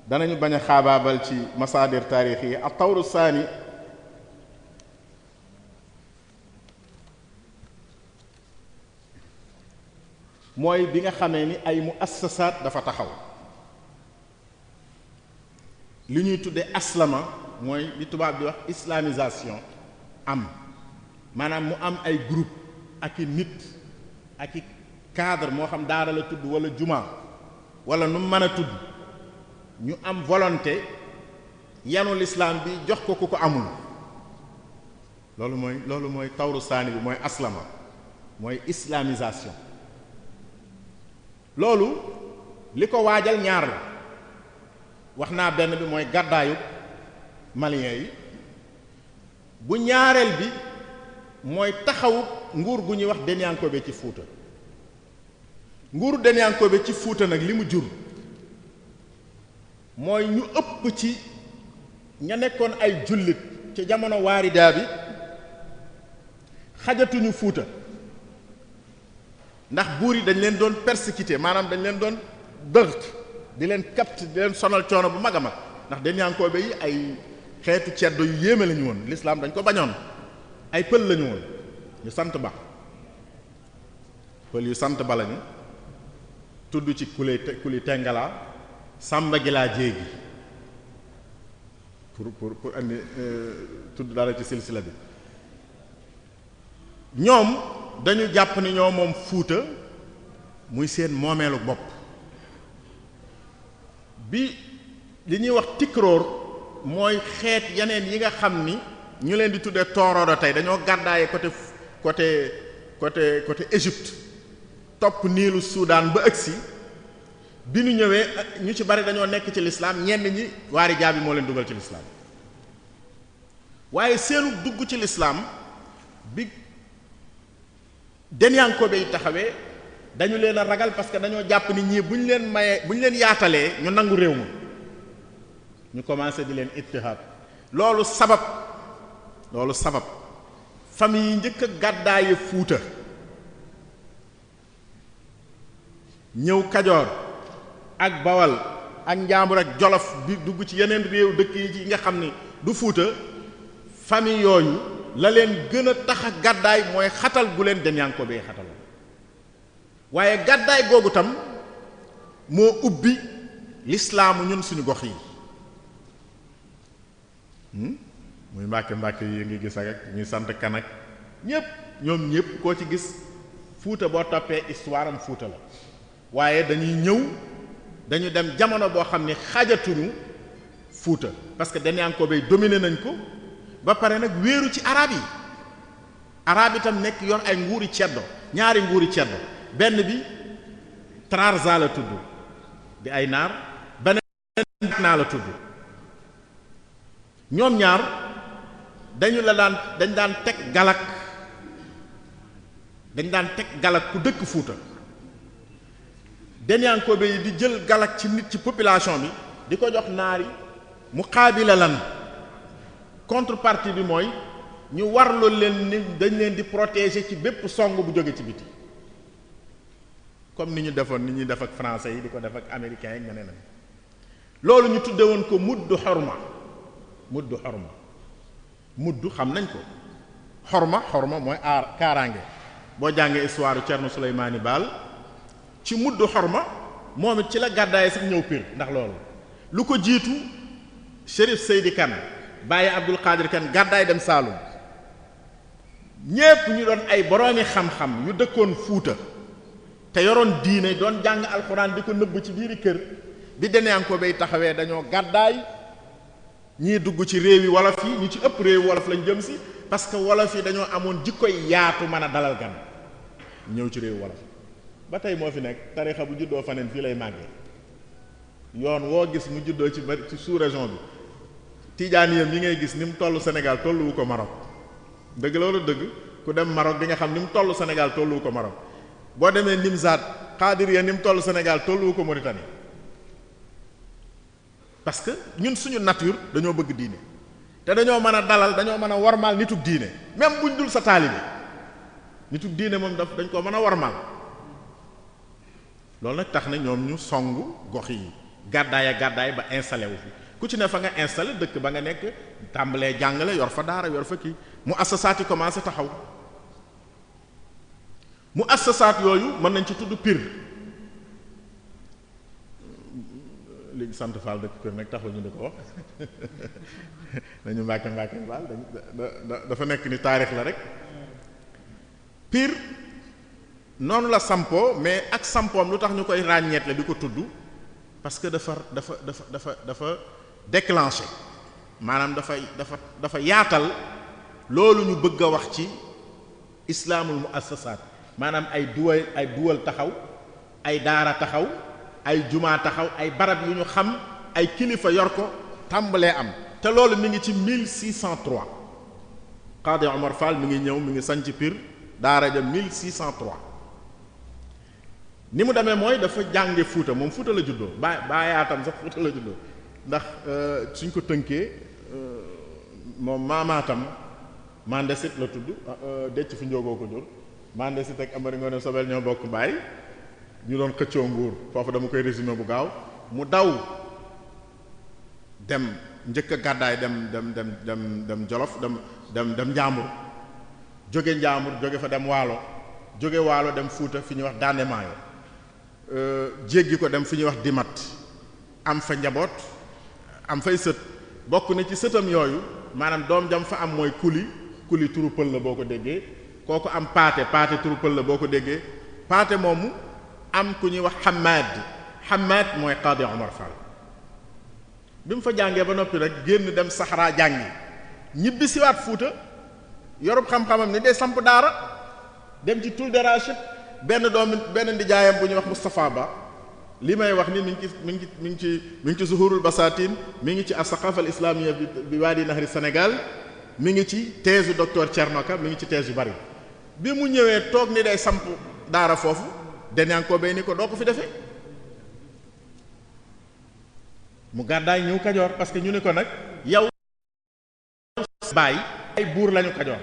danañu bañ a xaabaabal ci masaadir taarix yi ak tawru saani mooy bi nga xamee ni ay muassasaat dafa taxaw li ñuy tudde aslama mooy li tubaab bi wax islamisation am maanaam mu am ay groupe ak i nit ak i cadre moo xam daara la tudd wala juma wala nu mën a tudd ñu am volonté yanu lislaam bi jox ko ku ko amul loolu mooy loolu mooy tawru saani bi mooy aslama mooy islamisation loolu li ko waajal ñaar la wax naa benn bi mooy gàddaayu maliens yi bu ñaareel bi mooy taxawu nguur gu ñuy wax Denyankobe ci Fuuta nguuru Denyankoobe ci Fuuta nag li mu jur mooy ñu ëpp ci ña nekkoon ay jullit ca jamono waaridaa bi xajatuñu Fuuta ndax buur yi dañ leen doon persécuté maanaam dañ leen doon dërt di leen capte di leen sonal coono bu mag a mag ndax Denyankoobe yi ay xeetu ceddo yu yéeme lañu woon lislaam dañ ko bañoon ay pël lañu woon ñu sant ba pël yu sant ba lañu tudd ci kuli kuli tengala sàmba gi laa jéegi pour pour pour andi euh, tudd dara ci silsila bi ñoom dañu jàpp ni ñoo moom fuuta muy seen moomeelu bopp bi li ñuy wax tikroor mooy xeet yeneen yi nga xam ni ñu leen di tuddee tooroodo tey dañoo gàddaaye côté côté côté côté Égypte topp niilu Soudan ba agsi bi ñu ñëwee ñu ci bari dañoo nekk ci lislaam ñenn ñi waari jaabi moo leen dugal ci lislaam waaye seenu dugg ci lislaam bi Denyankoobe yi taxawee dañu leen a ragal parce que dañoo jàpp ni ñii bu ñu leen mayee bu ñu leen yaatalee ñu nangu réew ma ñu commencé di leen ittihaad loolu sabab loolu sabab famille yi njëkk a gàddaaye Fuuta ñëw kajoor ak bawal ak njaambur jolof bi dugg ci yeneen réew dëkk yi nga xam ni du fuuta famille yooyu la leen gën a tax a gàddaay mooy xatal gu leen denyanko bee xataloon waaye gàddaay googu tam moo ubbi lislaamu ñun suñu gox yi hmm? muy mbàkke mbàkke yi ngi gis ak ñuy sant kanak ñépp ñoom ñépp koo ci gis fuuta boo toppee histoire am fuuta la waaye dañuy ñëw dañu dem jamono boo xam ne xaajatuñu fuuta parce que Dañankobe yi dominé nañ ko ba pare nag wéeru ci arab yi arab itam nekk yor ay nguuri ceddo ñaari nguuri ceddo benn bi Trarza la tudd di ay naar beneen naa la tudd ñoom ñaar dañu la daan dañ daan teg galak dañ daan teg galak ku dëkk fuuta Denyankoobe yi di jël galak ci nit ci population bi di ko jox naar yi mu xaabila lan contrepartie bi mooy ñu warlu leen ni dañ leen di protéger ci bépp song bu jóge ci biti comme ni ñu defoon ni ñuy def ak français yi di ko def ak américains yi ñeneen loolu ñu tudde woon ko mudd xorma mudd xorma mudd xam nañ ko ma xorma xorma mooy aar kaaraange boo jàngee histoire Thierno Souleymane Baal ci mudd xorma ma it ci la gàddaay sax ñëw Pire ndax loolu lu ko jiitu Chérif Seydi Kane Baye Abdul Qadir Kane gàddaay dem Saalum ñépp ñu doon ay boroomi xam-xam yu dëkkoon Fuuta te yoroon diine doon jàng alxuraan di ko nëbb ci biiri kër bi Denenko bay taxawee dañoo gàddaay ñii dugg ci réewi wolof yi ñu ci ëpp réewi wolof lañ jëm si parce que wolof yi dañoo amoon jikkoy yaatu mën a dalal gan ñëw ci réewi wolof ba tey moo fi nekk tarixa bu juddoo faneen fii lay màggee yoon woo gis mu juddoo ci bari ci sous région bi tijaaniyam yi ngay gis ni mu tollu Sénégal tolluwu ko Maroc dëgg la dëgg ku dem Maroc di nga xam ni mu toll Sénégal tolluwu ko Maroc boo demee Nimzaat xaadiriya ni mu toll Sénégal tolluwu ko Mauritanie parce que ñun suñu nature dañoo bëgg diine te dañoo mën a dalal dañoo mën a warmaal nitug diine même buñ dul sa taalibe nitug diine moom daf dañ ko mën a warmaal loolu nag tax na ñoom ñu songu gox yi gàddaay a gàddaay ba installé wu ku ci ne fa nga installé dëkk ba nga nekk tàmbalee jàngale yor fa daara yor fa kii mu assasaat yi commencé taxaw mu assasaat yooyu mën nañ ci tudd piir léegi sant Fall dëkk Pire nag taxul ñu ne ko wax dañu (laughs) mbàkke mbàkke Fall dafa nekk ni taarix la rek piir noonu la sampoo mais ak sampoom lu tax ñu koy ràññeet la di ko tudd parce que dafa dafa dafa dafa dafa déclenché maanaam dafay dafa dafa yaatal loolu ñu bëgg a wax ci islaamul muassasaat maanaam ay duwal ay duwal taxaw ay daara taxaw ay jumaa taxaw ay barab yu ñu xam ay kilifa yor ko tàmbalee am te loolu mu ngi ci 1603 Qadi Omar Fall mu ngi ñëw mu ngi sanc piir daara ja 1603 ni mu demee mooy dafa jànge fuuta moom fuuta la juddoo ba baayaatam sax fuuta la juddoo ndax euh, suñ ko tënkee euh, moom maamaatam Mandesit la tudd ah, euh, decc fi njóogoo ko jur Mandesit ak Amari Ngoone Sobel ñoo bokk baay ñu doon xëccoo nguur foofu dama koy résumé bu gaaw mu daw dem njëkk a gàddaay dem dem dem dem dem Jolof dem dem dem Njaambur jóge Njaambur jóge fa dem Waalo jóge Waalo dem Fuuta fu ñuy wax Dandemaayo Euh, jéggi ko dem fi ñuy wax dimat am fa njaboot am fay sët bokk na ci sëtam yooyu maanaam doom jam fa am mooy kuli kuli turu pël la boo ko déggee kooku am paate paate turu pël la boo ko déggee paate moomu am ku ñuy wax xamaad xamaad mooy Qadi Omar Fall bi mu fa jàngee ba noppi rek génn dem saxaraa jàngi ñibbisiwaat fuuta yorub xam-xamam ni day samp daara dem ci tul daraship benn doom benn ndijaayam bu ñuy wax Moustapha Ba li may wax ni mi ngi ci mi ngi ci mi ngi ci mu ngi ci Zuhurul Basatin mi ngi ci as-saqafa al-islamiyya bi Wadi Nahri senegal mi ngi ci thèse docteur Thierno Ka mi ngi ci thèse yu bari bi mu ñëwee toog ni day samp daara foofu ko bay ni ko doo ko fi defee mu gàddaay ñëw Kajoor parce que ñu ne ko nag yow bàyyi ay buur lañu Kajoor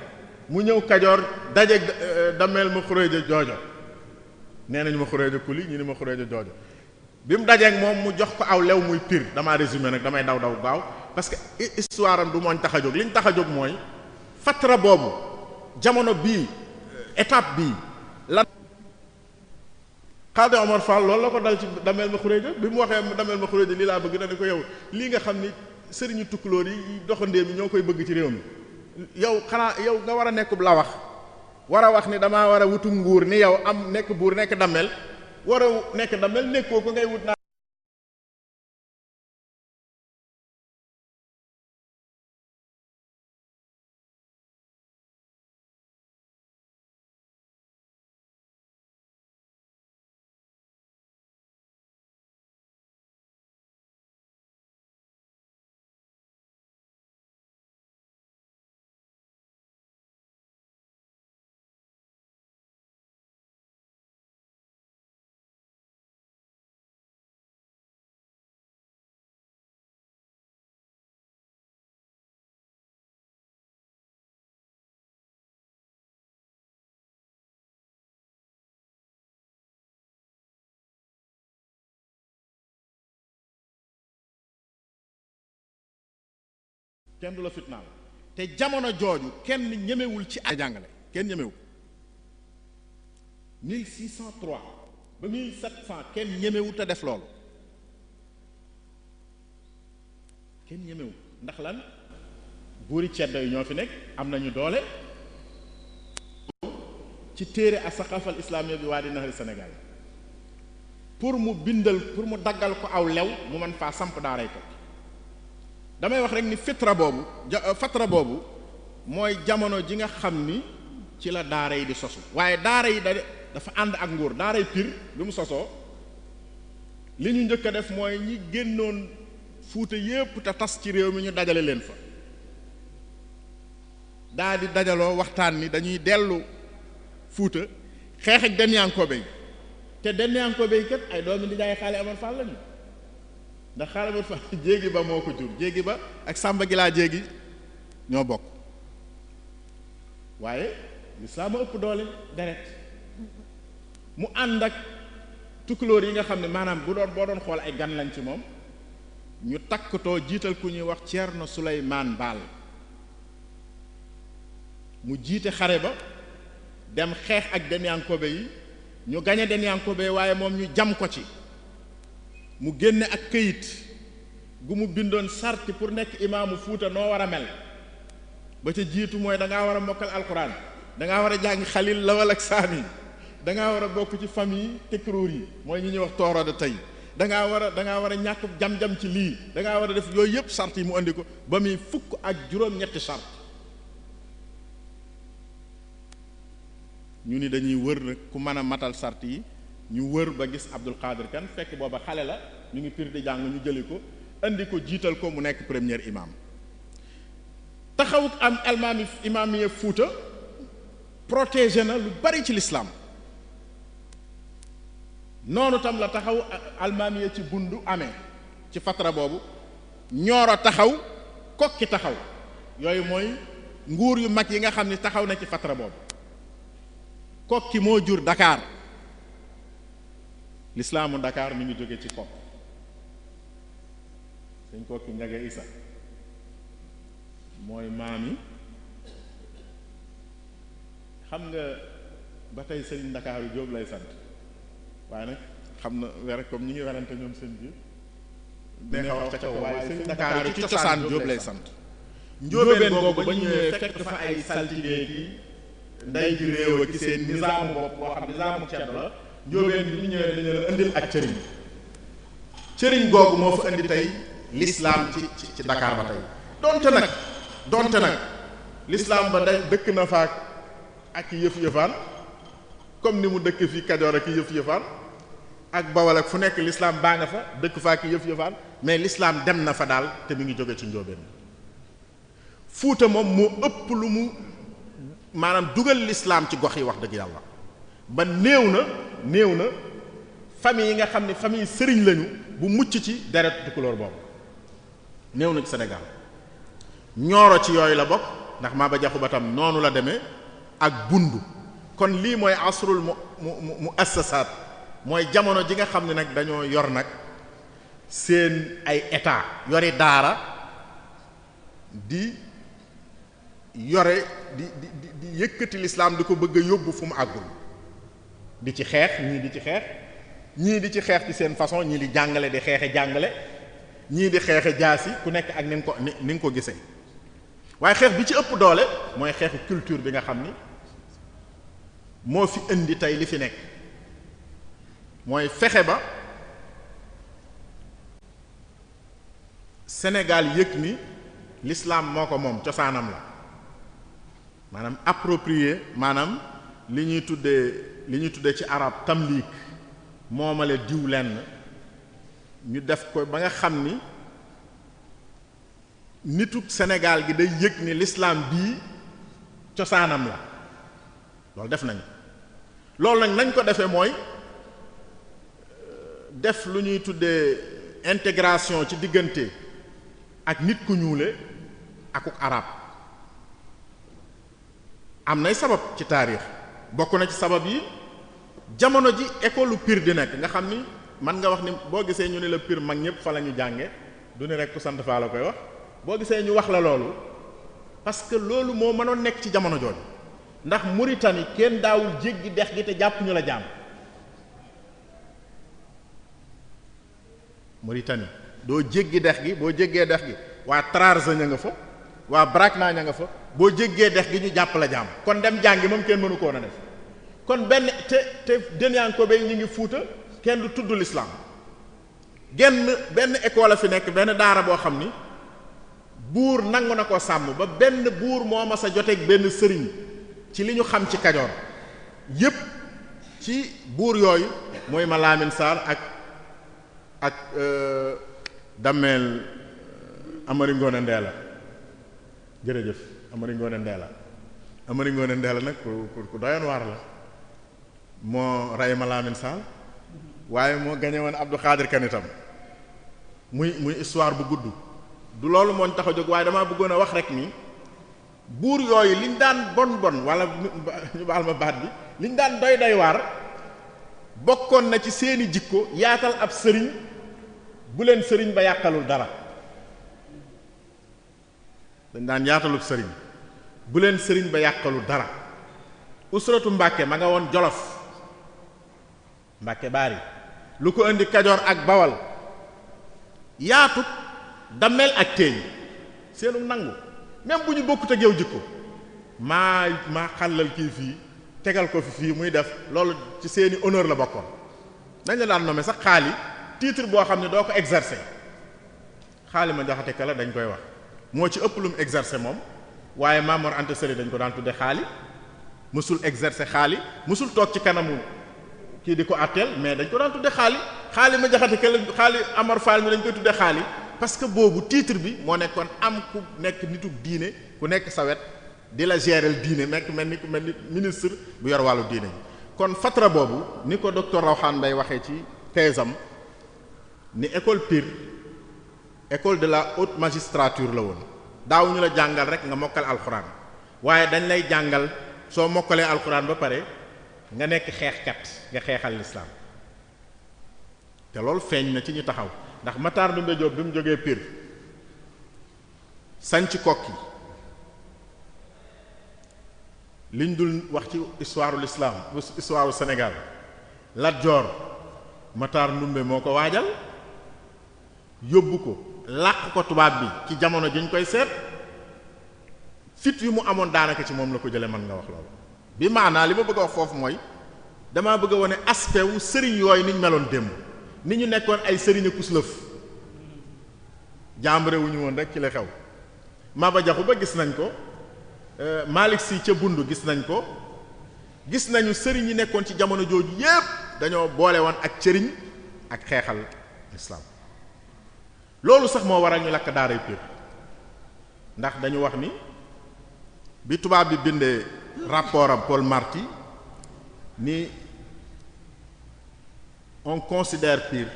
mu ñëw Kajoor daje euh, dameel mu xuréja joojo nee nañu ma xureeja kuli ñu ni ma xureeja joojo bi mu dajeeg moom mu jox ko aw lew muy pir dama résumé nag damay daw daw gaaw parce que histoire am du mooñ tax a jóg li ñu tax a jóg mooy fatra boobu jamono bii euh, étape bi lan xaade Omar Fall loolu la ko dal ci dameel ma xureeja bi mu waxee dameel ma xureeja lii laa bëgg dañu ko yow li nga xam ni sëriñu tukkulóor yi doxandéem yi ñoo koy bëgg ci réew mi yow xanaa yow nga war a nekkub la wax war a wax ni damaa war a wutum nguur ni yow am nekk buur nekk dammel war a nekk dammel nekkoo ko ngay wut naa kenn du la te jamono jooju kenn ñemewul ci ay jàngale kenn ñemewu 1603 ba 1700 kenn ñemewut a def loolu kenn ñemewu ndax lan buuri ceddo yi ñoo fi nekk am nañu doole ci téere a saqafal islaamiya bi waa di naxari Sénégal pour mu bindal pour mu daggal ko aw lew mu mën faa samp daaray ko damay wax rek ni fitra boobu euh, fatra boobu mooy jamono ji nga xam ni ci la daara yi di sosu waaye daara yi da dafa ànd ak nguur daara yi pir mu sosoo li ñu njëkk a def mooy ñi génnoon fuuta yépp te tas ci réew mi ñu dajale leen fa daldi dajaloo waxtaan ni dañuy dellu fuuta xeex ak Demyankobe yi te Demyankobe yi kat ay doomi di jaay xaale amoon fàll lañu ndax xaaral fa (laughs) jéegi ba moo ko jur jéegi ba ak sàmba gi laa jéegi ñoo bokk waaye lislaam a ëpp doole deret mu ànd ak tukulóor yi nga xam ne maanaam bu doon boo doon xool ay gan lañ ci moom ñu takktoo jiital ku ñuy wax Ceerno Suleymaan Baal mu jiite xare ba dem xeex ak Denyankobe yi ñu gañe Denyankobe waaye moom ñu jam ko ci mu génne ak këyit gu mu bindoon sarti pour nekk imaamu fuuta noo war a mel ba ca jiitu mooy da ngaa war a mokkal alquran da war a jàng xalil lawal ak saami da ngaa war a bokk ci famille tekroor yi mooy ñu ñuy wax tooroo de tey da war a da war a ñàkk jam-jam ci lii da war a def yooyu yëpp sart yi mu andi ko ba muy fukk ak juróom-ñetti sart ñu ni dañuy wër nag ku mën a matal sart yi ñu wër ba gis Abdul Qadir Kan fekk booba xale la ñu ngi piir di jàng ñu jëli ko indi ko jiital ko mu nekk premier imam taxawuk am almaami imaamiya Fuuta protégé na lu bari ci lislaam noonu tam la taxaw almaamiya ci bundu amee ci fatara boobu ñooro taxaw kokki taxaw yooyu mooy nguur yu mag yi nga xam ni taxaw na ci fatara boobu kokki moo jur dakaar lislaamu ndakaar mi ngi jóge ci kopp sëñ kokki njaga isa mooy maami xam nga ba tey sëriñ ndakaaru jóob lay sant waaye nag xam na were comme ñi ngi werante ñoom seen biir neexa wax ca waaye sëriñ ndakaaru ci cosaan jóob lay sant njóobeen boobu ba ñu ñëwee fekk fa ay saltige ki nday ji réew a ci seen nisaamu bopp boo xam nisaamu la njóobeen bi ñu ñëwee dañu la indil ak cëriñ cëriñ googu moo fa indi tey lislaam ci ci Dakar ba tey donte nag donte nag lislaam ba day dëkk na faak ak yëf yëfaan comme ni mu dëkk fii Kajoor ak yëf yëfaan ak Bawol ak fu nekk lislaam baa nga fa dëkk fa ak yëf yëfaan mais lislaam dem na fa daal te mi ngi jóge ci njóobeen Fuuta moom moo ëpp lu mu maanaam dugal lislaam ci gox yi wax dëgg yàlla ba néew na néew na famille yi nga xam ni famille sëriñ lañu bu mucc ci deret tukulóor boobu néew na ci Sénégal ñooro ci yooyu la bokk ndax Maba Jaxu Ba tam noonu la demee ak bundu kon lii mooy asrul mu mu mu assasaat mooy jamono ji nga xam ne nag dañoo yor nag seen ay état yori daara di yore di di di yëkkati lislaam di ko bëgg a yóbbu fu mu àggul di ci xeex ñii di ci xeex ñii di ci xeex ci seen façon ñii di jàngale di xeexe jàngale ñii di xeexe jaasi ku nekk ak ni nga ko ni nga ko gisee waaye xeex bi ci ëpp doole mooy xeexu culture bi nga xam ni moo fi indi tey li fi nekk mooy fexe ba Sénégal yëg ni lislaam moo ko moom cosaanam la maanaam approprier maanaam li ñuy tuddee li ñuy tuddee ci arab tamliik moomale diw lenn ñu def ko ba nga xam ni nituk senegaal gi day yëg ni lislaam bii cosaanam la loolu def nañ loolu nag nañ ko defee mooy euh, def lu ñuy tuddee intégration ci diggante ak nit ku ñuule akuk arab am nay sabab ci taarix bokk na ci sabab yi jamono ji école Pire di nekk nga xam ni man nga wax ni boo gisee ñu ne la piir mag ñëpp fa la ñu jànge du ni rek ku sant faa la koy wax boo gisee ñu wax la loolu parce que loolu moo mënoon nekk ci jamono jooju ndax Mauritanie kenn daawul jéggi dex gi te jàpp ñu la jaam Mauritanie doo jéggi dex gi boo jéggee dex gi waa Trarza ña nga fa waa Brakna ña nga fa boo jéggee dex gi ñu jàpp la jaam kon dem jàngi moom kenn mënu koon a def kon benn te te Deniankoobe ñu ngi fuuta kenn du tudd l'islam genn benn école a fi nekk benn daara boo xam ni buur nangu na ko sàmm ba benn buur moo mas a joteeg benn sëriñ ci li ñu xam ci Kajoor yépp ci buur yooyu mooy ma Laamin Saar ak ak euh, dammeel euh, Amari Ngoone Ndeela jërëjëf Amari Ngoone Ndeela Amari Ngoone Ndeela nag ku ku doyoon waar la moo rey ma Lamine Sall waaye moo gañe woon Abdou Khadir itam muy muy histoire bu gudd du loolu moo ñu tax a jóg waaye damaa bëggoon a wax rek ni buur yooyu liñ daan bon bon wala (laughs) ñu baal ma baat bi liñ daan doy doy waar bokkoon na ci seeni jikko yaatal ab sëriñ bu leen sëriñ ba yàqalul dara dañ daan yaatalub sëriñ bu leen sëriñ ba yàqalul dara usratu Mbàkke ma nga woon Jolof Mbàkke Baari lu ko indi Kajoor ak Bawal yaatut dammel ak teeñ seenu nangu même bu ñu bokkut ak yow jikko maa maa xàllal kii fii tegal ko fi fii muy def loolu ci seeni honneur la bokkoon dañ la daan nommé sax xaali titre boo xam ne doo ko exercer xaali ma jaxate kala dañ koy wax moo ci ëpp lu mu moom waaye Maam Mor Anta dañ ko daan tudde xaali mësul exercer xaali mësul toog ci kanamu kii di ko àtteel mais dañ ko daan tudde xaali xaali ma jaxate kala xaali Amar Fall mi dañ koy tudde xaali parce que boobu titre bi moo nekkoon am ku nekk nitu diine ku nekk sa wet di la gérer diine nekk mel ni ku mel ni ministre bu yor wàllu diine kon fatra boobu ni ko docteur Rawhan Mbaye waxee ci thèse ni école Pire école de la haute magistrature la woon daawuñu la jàngal rek nga mokkal alxuraan waaye dañ lay jàngal soo mokkalee alxuraan ba pare nga nekk xeexkat nga xeexal lislaam te loolu feeñ na ci ñu taxaw ndax Matar Dumbe Diop bi mu jógee Pire sanc kokki liñ dul wax ci histoire l'islam histoire Sénégal Lat Joor Matar moo ko waajal yóbbu ko làq ko tubaab bi ci jamono ji koy seet fit yu mu amoon daanaka ci moom la ko jële mën nga wax loolu bi maanaa li ma bëgg a wax foofu mooy damaa bëgg a wane aspect sëriñ yooyu niñ meloon démb ni ñu nekkoon ay sëriñ kuslëf jàmbare woon rek ci la xew Maba Jaxu Ba gis nañ ko euh, Malick si ca Bund gis nañ ko gis nañu sëriñ yi nekkoon ci jamono jooju yépp dañoo boole woon ak cëriñ ak xeexal islam loolu sax moo waral ñu lakk daaray Pire ndax dañu wax ni bi tubaab bi bindee rapport am Paul Marty ni on considère Pire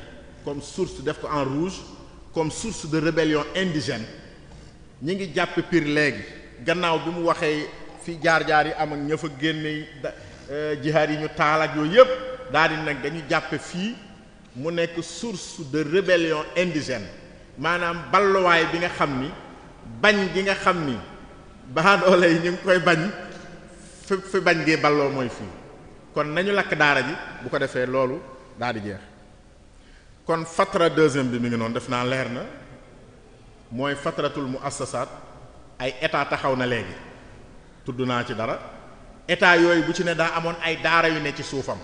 comme source def ko en rouge comme source de rébellion indigène ñi ngi jàpp piir léegi gannaaw bi mu waxee fi jaar-jaar yi am ak ña fa génne euh, jihaad yi ñu taal ak yooyu yëpp daal di nag dañu jàppe fii mu nekk source de rébellion indigène maanaam balluwaay bi nga xam ni bañ gi nga xam ni baadoola yi ñu ngi koy bañ fi fi bañ gee balloo mooy fii kon nañu lakk daara ji bu ko defee loolu daal di jeex kon fatra deuxième bi mi ngi noonu def naa leer na mooy fatratul mu muassasaat ay état taxaw na léegi tudd naa ci dara état yooyu bu ci ne daa amoon ay daara yu ne ci suufam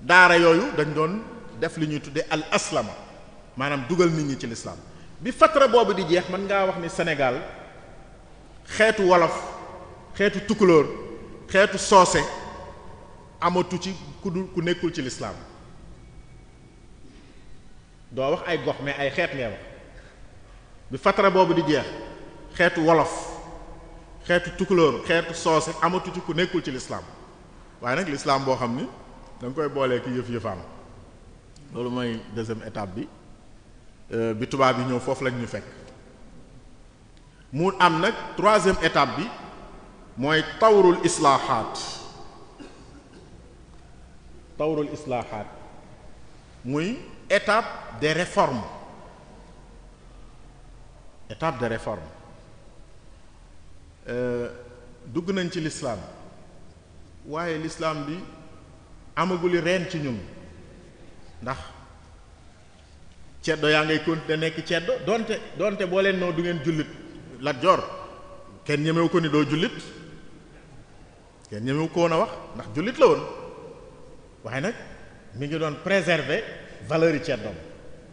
daara yooyu dañ doon def li ñuy tuddee al aslama maanaam dugal nit ñi ci lislaam bi fatra boobu di jeex mën ngaa wax ni Sénégal xeetu wolof xeetu tukulóor xeetu soose amatu ci ku ku nekkul ci lislaam doo wax ay gox mais ay xeet ngay bi fatara boobu di jeex xeetu wolof xeetu tukulóor xeetu soose amatu ci ku nekkul ci lislaam waaye nag lislaam boo xam ni da koy boolee ki yëf-yëfaam loolu mooy deuxième étape bi euh, bi tubaab yi ñëw foofu lañ ñu fekk mu am nag troisième étape bi mooy tawrul islaaxaat tawrul islaaxaat muy étape des réformes étape des réformes euh, dugg nañ ci lislaam waaye lislaam bi amagul amaguli reen ci ñun ndax ceddo yaa ngay continuer nekk ceddo donte donte boo leen noo du ngeen jullit Lat Joor kenn ñemewu ko ni doo jullit kenn ñemewu ko woon a wax ndax jullit la woon waaye nag mu ngi doon préserver valeur yi ceddoom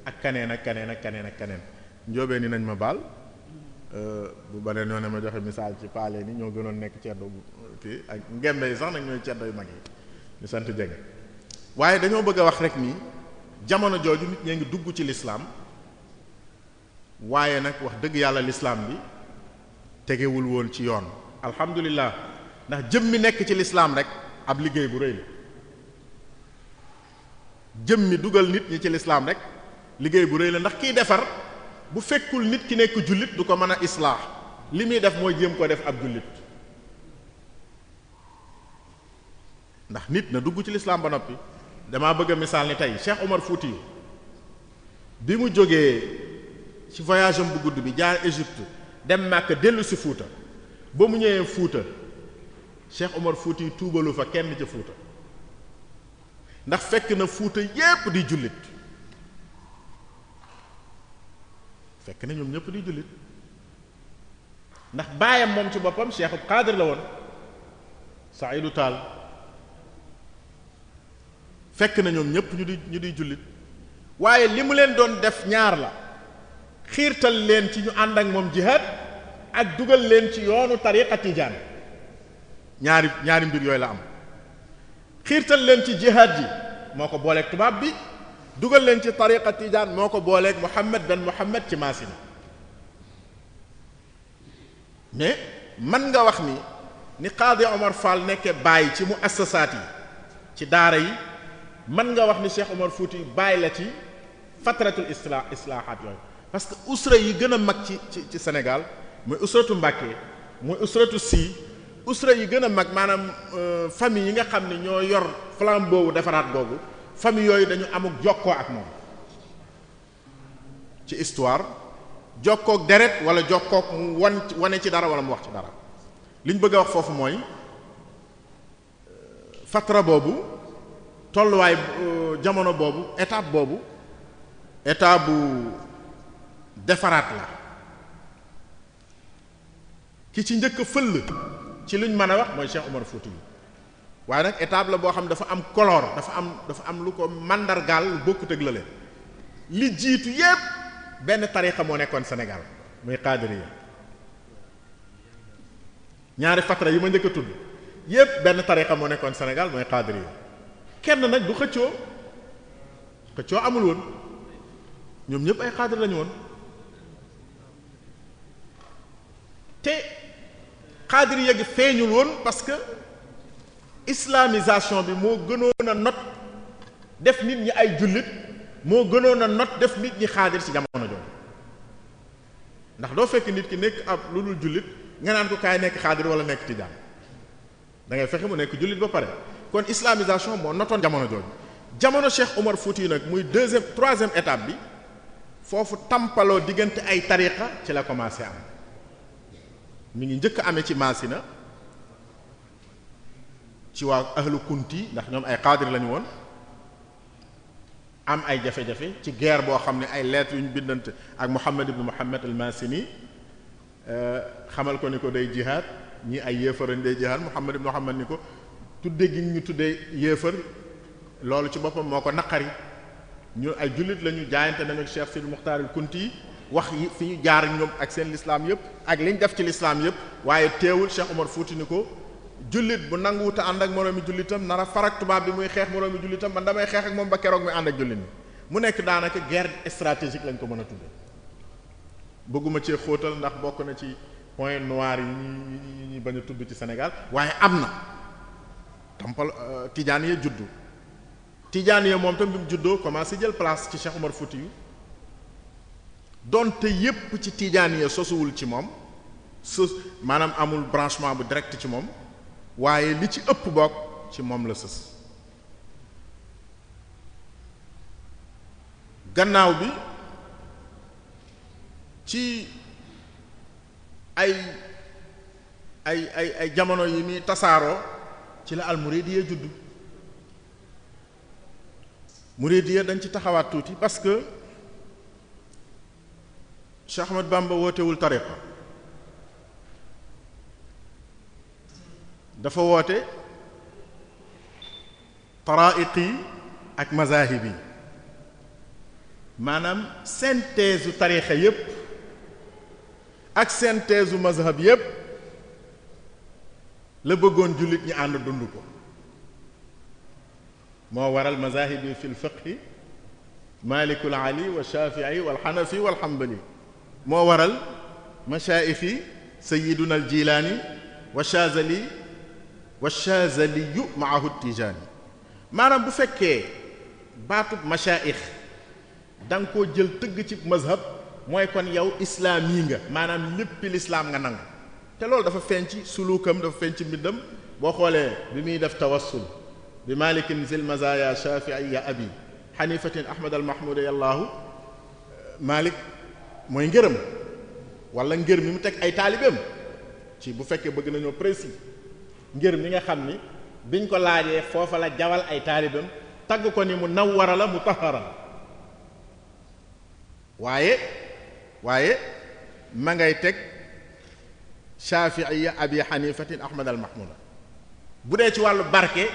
ak kaneen ak kaneen ak kaneen ak kaneen njóobee ni nañ ma baal euh, bu baneen ñoo ne ma joxe misaal ci paale ni ñoo gënoon nekk ceddo kii ak ngembe sax nag ñooy ceddo yu mag yi ñu sant jege waaye dañoo bëgg a wax rek nii jamono jooju nit ñee ngi dugg ci lislaam waaye nag wax dëgg yàlla lislaam bi tegewul woon ci yoon alhamdulilah ndax jëm mi nekk ci lislaam rek ab liggéey bu rëy la jëm mi dugal nit ñi ci lislaam rek liggéey bu rëy la ndax kiy defar bu fekkul nit ki nekk jullit du ko mën a islaax li muy def mooy jëm ko def ab jullit ndax nit na dugg ci lislaam ba noppi damaa bëgg a misaal ni tey Cheikh Omar Fouti bi mu jógee ci voyage bu gudd bi jaar Égypte dem Màkka dellu si Fuuta ba mu ñëwee Fuuta Cheikh Omar Fouti tuubalu fa kenn ca Fouta ndax fekk na Fouta yépp di jullit fekk na ñoom ñépp di jullit ndax baayam moom ci boppam Cheikh Qadir la woon Saïdou taal fekk na ñoom ñépp ñu di ñu di jullit waaye li mu leen doon def ñaar la xiirtal leen ci ñu ànd ak moom jihaad ak dugal leen ci yoonu tariqa tiijaan ñaari ñaari mbir yooyu la am xiirtal leen ci jihaad ji moo ko booleeg tubaab bi dugal leen ci tariqa tijaan moo ko booleek Muhammad ben Muhammad ci maasina mais man nga wax ni ni Qadi Omar Fall nekke bàyyi ci mu assasaat yi ci daara yi mën nga wax ni Cheikh Omar Fouti bàyyi la ci fatratul isla islaahaat yooyu parce que usra yi gën mag ci ci ci Sénégal muy usratu Mbàkke muy usratu Sy usra yi gën a mag maanaam euh, famille yi nga xam ne ñoo yor flambeau boobu defaraat googu famille yooyu dañu amuk jokkoo ak moom ci histoire jokkook deret wala jokkook mu wan wane ci dara wala mu wax ci dara li ñu bëgg a wax foofu mooy euh, fatra boobu tolluwaay euh, jamono boobu étape boobu état bu defaraat la ki ci njëkk fël ci luñ mën a wax mooy Cheikh Omar Fouti waaye nag étape la boo xam dafa am color dafa am dafa am lu ko mandargaal lu bokkut ak lële li jiitu yépp benn tariqa moo nekkoon Sénégal muy Qaadiriya ñaari fatra yi ma njëkk a tudd yépp benn tariqa moo nekkoon Sénégal mooy Qaadiriya kenn nag du xëccoo xëccoo amul woon ñoom ñépp ay xaadir lañu woon te xaadiriya gi feeñul woon parce que islamisation bi moo gënoon a not def nit ñi ay jullit moo gënoon a not def nit ñi xaadir ci jamono jooju ndax doo fekk nit ki nekk ab lu dul jullit nga naan ko kaay nekk xaadir wala nekk tijaan da ngay fexe mu nekk jullit ba pare kon islamisation moo notoon jamono jooju jamono Cheikh Omar Fouti nag muy deuxième troisième étape bi foofu tampaloo diggante ay tariqa ci la commencé am mi ngi njëkk amee ci Maasina ci waa ahlu kunti ndax ñoom ay xaadir lañu woon am ay jafe-jafe ci guerre boo xam ne ay leet yu ñu bindante ak Muhammad ibn Muhammad al-Masini euh, xamal ko ni ko day jihaad ñii ay yéefarañ day jihaad Muhammad ibn Muhammad ni ko tudde gi ñu tuddee yéefar loolu ci boppam moo ko naqari ñu ay jullit lañu jaayante nañu ak Cheikh Sidi Muxtaar al-Kunti wax yi fi ñu jaar ñoom ak seen lislaam yëpp ak liñ def ci lislaam yëpp waaye teewul Cheikh Omar Fouti ni ko jullit bu nanguwuta ànd ak moroomi jullitam nara a farak tubaab bi muy xeex moroomi jullitam man damay xeex ak moom ba keroog muy ànd ak jullit mi mu nekk daanaka guerre stratégique lañ ko mën a tudde bëgguma cee fóotal ndax bokk na ci point noir yi ñi ñi bañ a tudd ci senegal waaye am na tampal euh, Tidiane ya juddu Tidiane ya moom tam bi mu juddoo commencé jël place ci Cheikh Omar Fouti yu donte yépp ci tiijaan ya sosuwul ci moom sos maanaam amul branchement bu direct ci moom waaye li ci ëpp bokk ci moom la sës gannaaw bi ci ay ay ay ay jamono yi muy tasaaroo ci la al muridiya judd muridiya dañ ci taxawaat tuuti parce que Cheikh Ahmad Bamba wootewul tariqa dafa woote taraiq yi ak mazahib yi maanaam synthèse u tariqa yépp ak synthèse u mazhab yépp la bëggoon jullit ñi ànd dund ko moo waral mazahib yi fi lfiqhi malikul ali wa shafii walxanafi walxambali moo waral mashaayixi sayiduna al jilaani wa shazali wa shazaliyu maahu tijaani maanaam bu fekkee baatub mashaayix da nga koo jël tëgg ci mazhab mooy kon yow islaam yi nga maanaam léppi lislaam nga nangu te loolu dafa feeñ ci suluukam dafa feeñ ci mbindam boo xoolee bi muy def tawassul bi malikin zil mazaya shafii ya abi xanifatin ahmad al mahmuda yallaahu malik mooy ngërëm walla ngër mi mu teg ay taalibeem ci bu fekkee bëgg nañoo précis ngër mi nga xam ni biñ ko laajee foofa la jawal ay taalibeem tagg ko ni mu nawwara la mu taxara la waaye waaye ma ngay teg shafiiya abi xanifatin ahmad al mahmuda bu dee ci wàllu barke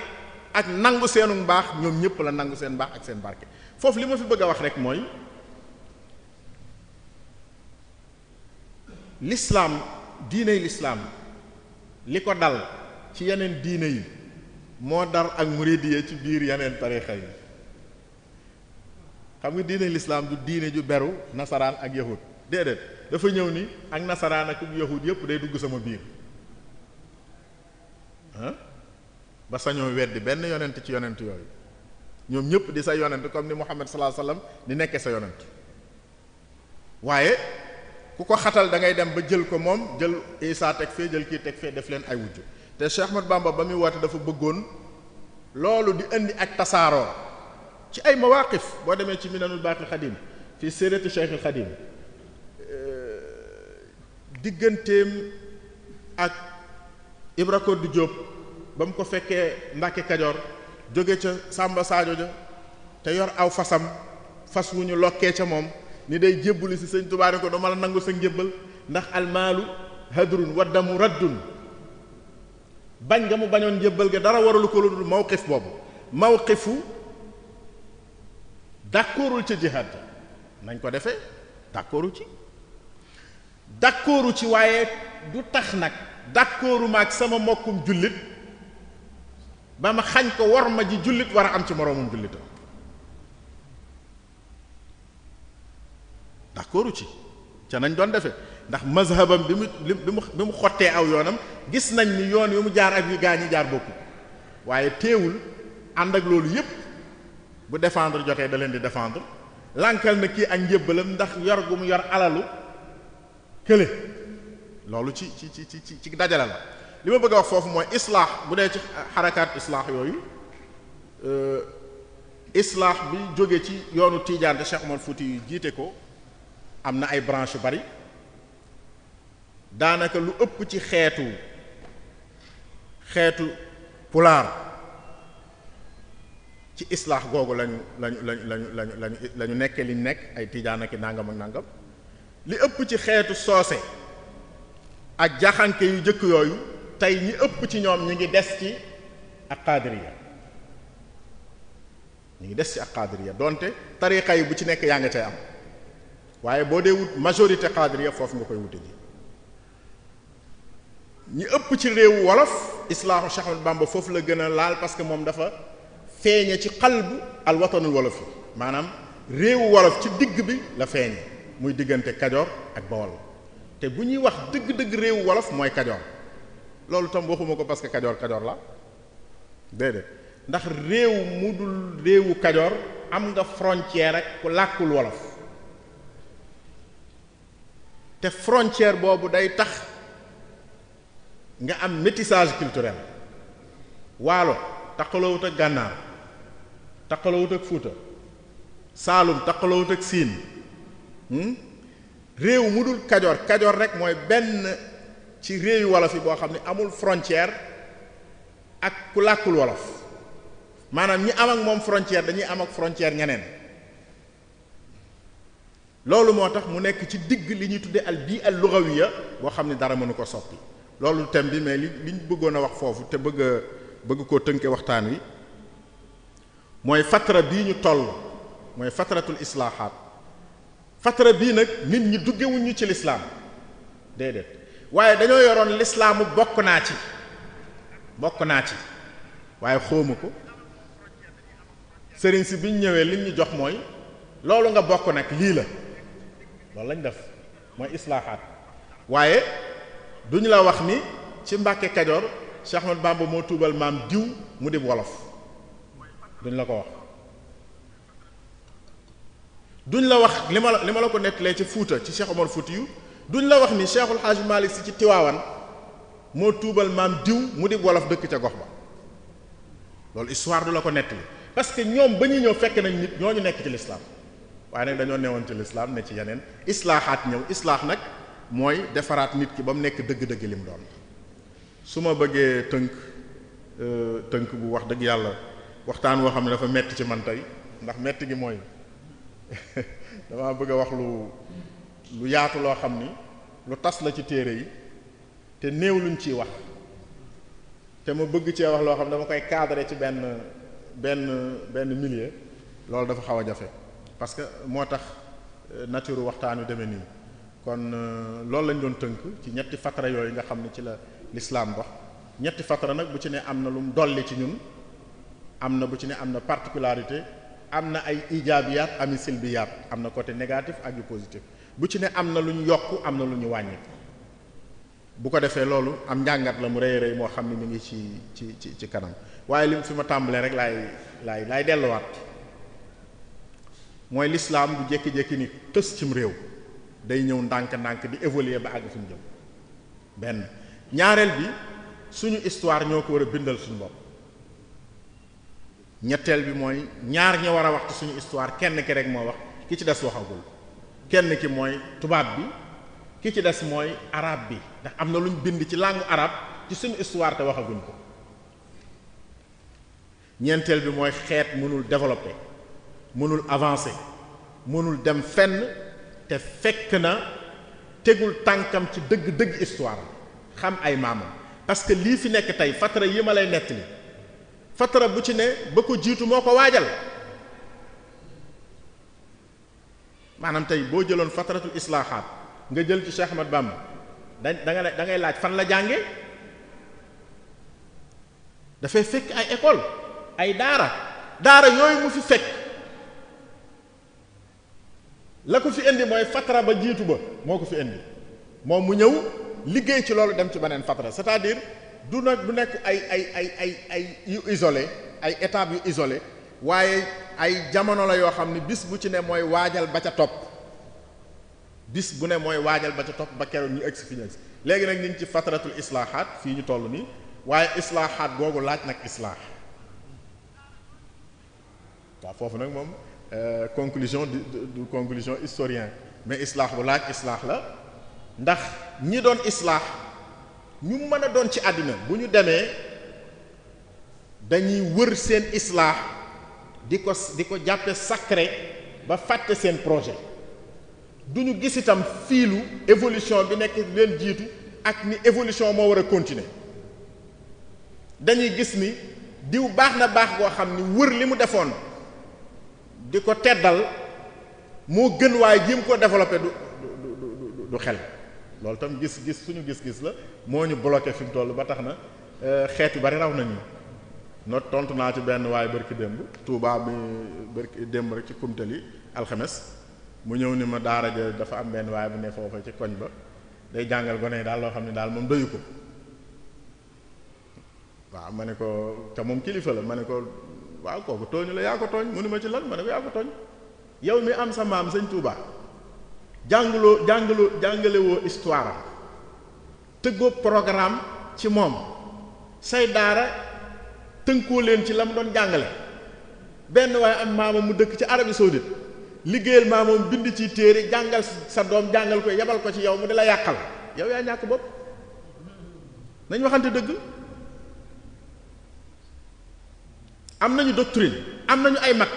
ak nangu seenu mbaax ñoom ñëpp la nangu seen mbaax ak seen barke foofu li ma fi bëgg a wax rek mooy lislaam diine lislaam li ko dal ci yeneen diine yi moo dar ak muridiye ci biir yeneen tarixa yi xam nga diine lislaam du diine ju beru nasaraan ak yahud déedéet dafa ñëw ni ak nasaraan ak yahud yépp day dugg sama biir ah ba sañoo weddi benn yonent ci yonent yooyu ñoom ñëpp di sa yonent comme ni Muhammad sallallahu alayhi wasallam di nekkee sa yonent waaye ku ko xatal dangay dem ba jël ko moom jël Isa teg fee jël kii teg fee def leen ay wujj te Cheikh Ahmad Bamba ba muy woote dafa bëggoon loolu di indi ak tasaaroo ci ay mawaqif boo demee ci mi Minanul Baaqil Xadim fi sirati Cheikhil Xadim euh, digganteem ak Ibra Kodd Diop ba mu ko fekkee Mbàkke Kajoor jóge ca sàmba Sadio ja te yor aw fasam fas wu ñu lokkee ca moom ni day jébbali ci sëñ Tuubaa ne ko dama la nangu sa njébbal ndax almaalu hadrun wa damu bañ nga mu bañoon njébbal ga dara waralu ko lu dul mawqif boobu mawqifu d'accordul ci jihaad nañ ko defe d'accordu ci ci waaye du tax nag d'accordu ma ak sama mbokkum jullit ba ma xañ ko war ma ji jullit war a am ci moroomum jullitam d'accordu ci ca nañ doon defee ndax mazhabam bi mu bi mu xottee aw yoonam gis nañ ni yoon yu mu jaar ak yu gaa ñi jaar bokkul waaye teewul ànd ak loolu yépp bu défendre jotee da leen di defendre lankal na kii ak njébbalam ndax yor gu mu yor alalu kële loolu ci ci ci ci ci dajale la li ma bëgg a wax foofu mooy islaax bu dee ci xarakaat islaax yooyu euh, islaax bi jóge ci yoonu Tiijaan te Cheikh Umar Fuuti yu jiite ko am na ay branches yu bari daanaka lu ëpp ci xeetu xeetu pulaar ci islaax googu lañu lañu lañu lañu nekkee liñ nekk ay tijaan ak nangam ak nangam li ëpp ci xeetu soose ak jaxanke yu jëkk yooyu tey ñi ëpp ci ñoom ñu ngi des ci ak qaadiriya ñi ngi des ci ak qaadiriya donte tariqa yi bu ci nekk yaa ngi tey am waaye boo dee wut majorité xaadiriya foofu nga koy wute ji ñi ëpp ci réewu wolof islaahu Cheikh Ahmadou ba foofu la gën a laal parce que moom dafa feeñe ci xalbu al wolof yi maanaam réewu wolof ci digg bi la feeñe muy diggante Kajoor ak Bawol te bu ñuy wax dëgg-dëgg réewu wolof mooy Kajoor loolu tam waxuma ko parce que Kajoor Kajoor la déedéet ndax réew mu dul réewu Kajoor am nga frontière ak ku làkkul wolof te frontière boobu day tax nga am métissage culturel waalo taqalawut ak gànnaar taqalawut ak fuuta saalum taqalawut ak siin hmm? réew mu dul kajoor kajoor rek mooy benn ci réewi wolof yi boo xam ne amul frontière ak ku làkkul wolof maanaam ñi am ak moom frontière dañuy am ak frontière ñeneen loolu moo tax mu nekk ci digg li ñuy tuddee al bii al lugawiya boo xam ne dara mënu ko soppi loolu thème bi mais li li ñu bëggoon a wax foofu te bëgg a koo tënke waxtaan wi mooy fatra bii ñu toll mooy fatratul islaahaat fatra bii nag nit ñi duggewuñ ci lislaam déedéet waaye dañoo yoroon lislaamu bokk naa ci bokk naa ci waaye xóoma ko sëriñ si biñ ñëwee li ñu jox mooy loolu nga bokk nag lii la loolu lañu def mooy islaaxaat waaye duñu la wax ni ci Mbàkke Kajoor Cheikh Ahmad Bamba moo tuubal maam diw mu di wolof duñ la ko wax duñ la wax li ma la li ma la ko nettalee ci Fuuta ci Cheikh Omar Fuuti yu duñ la wax ni Cheikhul Hadj Malick ci Tiwaawan moo tuubal maam diw mu di wolof dëkk ca gox ba loolu histoire du la ko nettali parce que ñoom ba ñu ñëw fekk nañ nit ñoo ñu nekk ci lislaam waaye nag dañoo newoon ci lislaam ne ci yeneen islaaxaat ñëw islaax nag mooy defaraat nit ki ba mu nekk dëgg-dëgg li mu doon su ma bëggee tënk euh, tënk bu wax dëgg yàlla waxtaan woo xam ne dafa metti ci man tey ndax metti gi mooy (laughs) dama bëgg wax lu lu yaatu loo xam ni lu tas la ci téere yi te néew luñ ciy wax te ma bëgg cee wax loo xam ne dama koy cadrer ci benn benn benn milieu loolu dafa xaw a jafe parce que moo tax euh, nature waxtaan wi demee nii kon euh, loolu lañ doon tënk ci ñetti fatara yooyu nga xam ne ci la lislaam wax ñetti fatara nag bu ci ne am na lu mu dolli ci ñun am na bu ci ne am na particularité am na ay ijaabiyaat ami silbiyaat am na côté négatif ak yu positif bu ci ne am na lu ñu yokk am na lu ñu wàññi bu ko defee loolu am njàngat la mu rëy rëy moo xam ne mu ngi ci ci ci kanam waaye lim fi ma tàmbalee rek laay laay laay delluwaat. mooy lislaam bu jékki-jékki ni tës cim réew day ñëw ndànk-ndànk di évoluer ba àgg fi jëm benn ñaareel bi suñu histoire ñoo ko war a bindal suñu bopp ñetteel bi mooy ñaar ña war a wax ci suñu histoire kenn ki rek moo wax ki ci des waxagul kenn ki mooy tubaab bi ki ci des mooy arabe bi ndax am na luñ bind ci langue arabe ci suñu histoire te waxaguñ ko ñeenteel bi mooy xeet mënul développer mënul avancé mënul dem fenn te fekk na tegul tànkam ci dëgg-dëgg histoire xam ay maamam parce que lii fi nekk tey fatara yi ma lay nettali fatara bu ci ne ba ko jiitu moo ko waajal maanaam tey boo jëloon fataratul islaahaat nga jël ci Cheikh Ahmad da danga dangay laaj fan la jànge dafay fekk ay école ay daara daara yooyu mu fi fekk la ko fi indi mooy fatara ba jiitu ba moo ko fi indi moom mu ñëw liggéey ci loolu dem ci beneen fatara cest à du nag du nekk ay ay ay ay ay yu isolé ay étapes yu isolé waaye ay jamono la yoo xam ne bis bu ci ne mooy waajal ba ca topp bis bu ne mooy waajal ba ca topp ba keroog ñu egsi fi ñu egsi léegi nag ñu ngi ci fataratul islaaxaat fii ñu toll nii waaye islaaxaat googu laaj nag islaax waaw foofu nag moom Euh, conclusion du du conclusion historien mais islaax bu laaj islaax la ndax ñi doon islaax ñu mën a doon ci àddina bu ñu demee dañuy wër seen islaax di ko di ko jàppe sacré ba fàtte seen projet du ñu gis itam fiilu évolution bi nekk leen jiitu ak ni évolution moo war a continuer dañuy gis ni diw baax na baax goo xam ni wër li mu defoon di ko teddal moo gën waaye jéem ko développé du du du xel loolu tam gis-gis suñu gis-gis la moo ñu bloqué fi mu toll ba tax na euh, xeet yu bari raw nañu no tontu naa ci benn waaye bërki démb Touba bi bërki démb rek ci kumtali alxemes mu ñëw ni ma daara ja dafa am benn waaye bu ne foofa ci koñ ba day jàngal gone yi daal loo xam ne daal moom dayu ko waaw ma ne ko te moom kilifa la ma ne ko waaw kooku tooñu la yaa ko tooñ mënu ma ci lan ma ne ko yaa ko tooñ yow mi am sa maam sañ Touba jàngaloo jàngaloo jàngalewoo histoire tëggoo programme ci moom say daara tënkoo leen ci la mu doon jàngale benn waaye am maamam mu dëkk ci Arabie saoudite liggéeyal maamam bind ci téere jàngal sa doom jàngal ko yebal ko ci yow mu di la yàqal yow yaa ñàkk bopp nañ waxante dëgg am nañu doctrine am nañu ay mag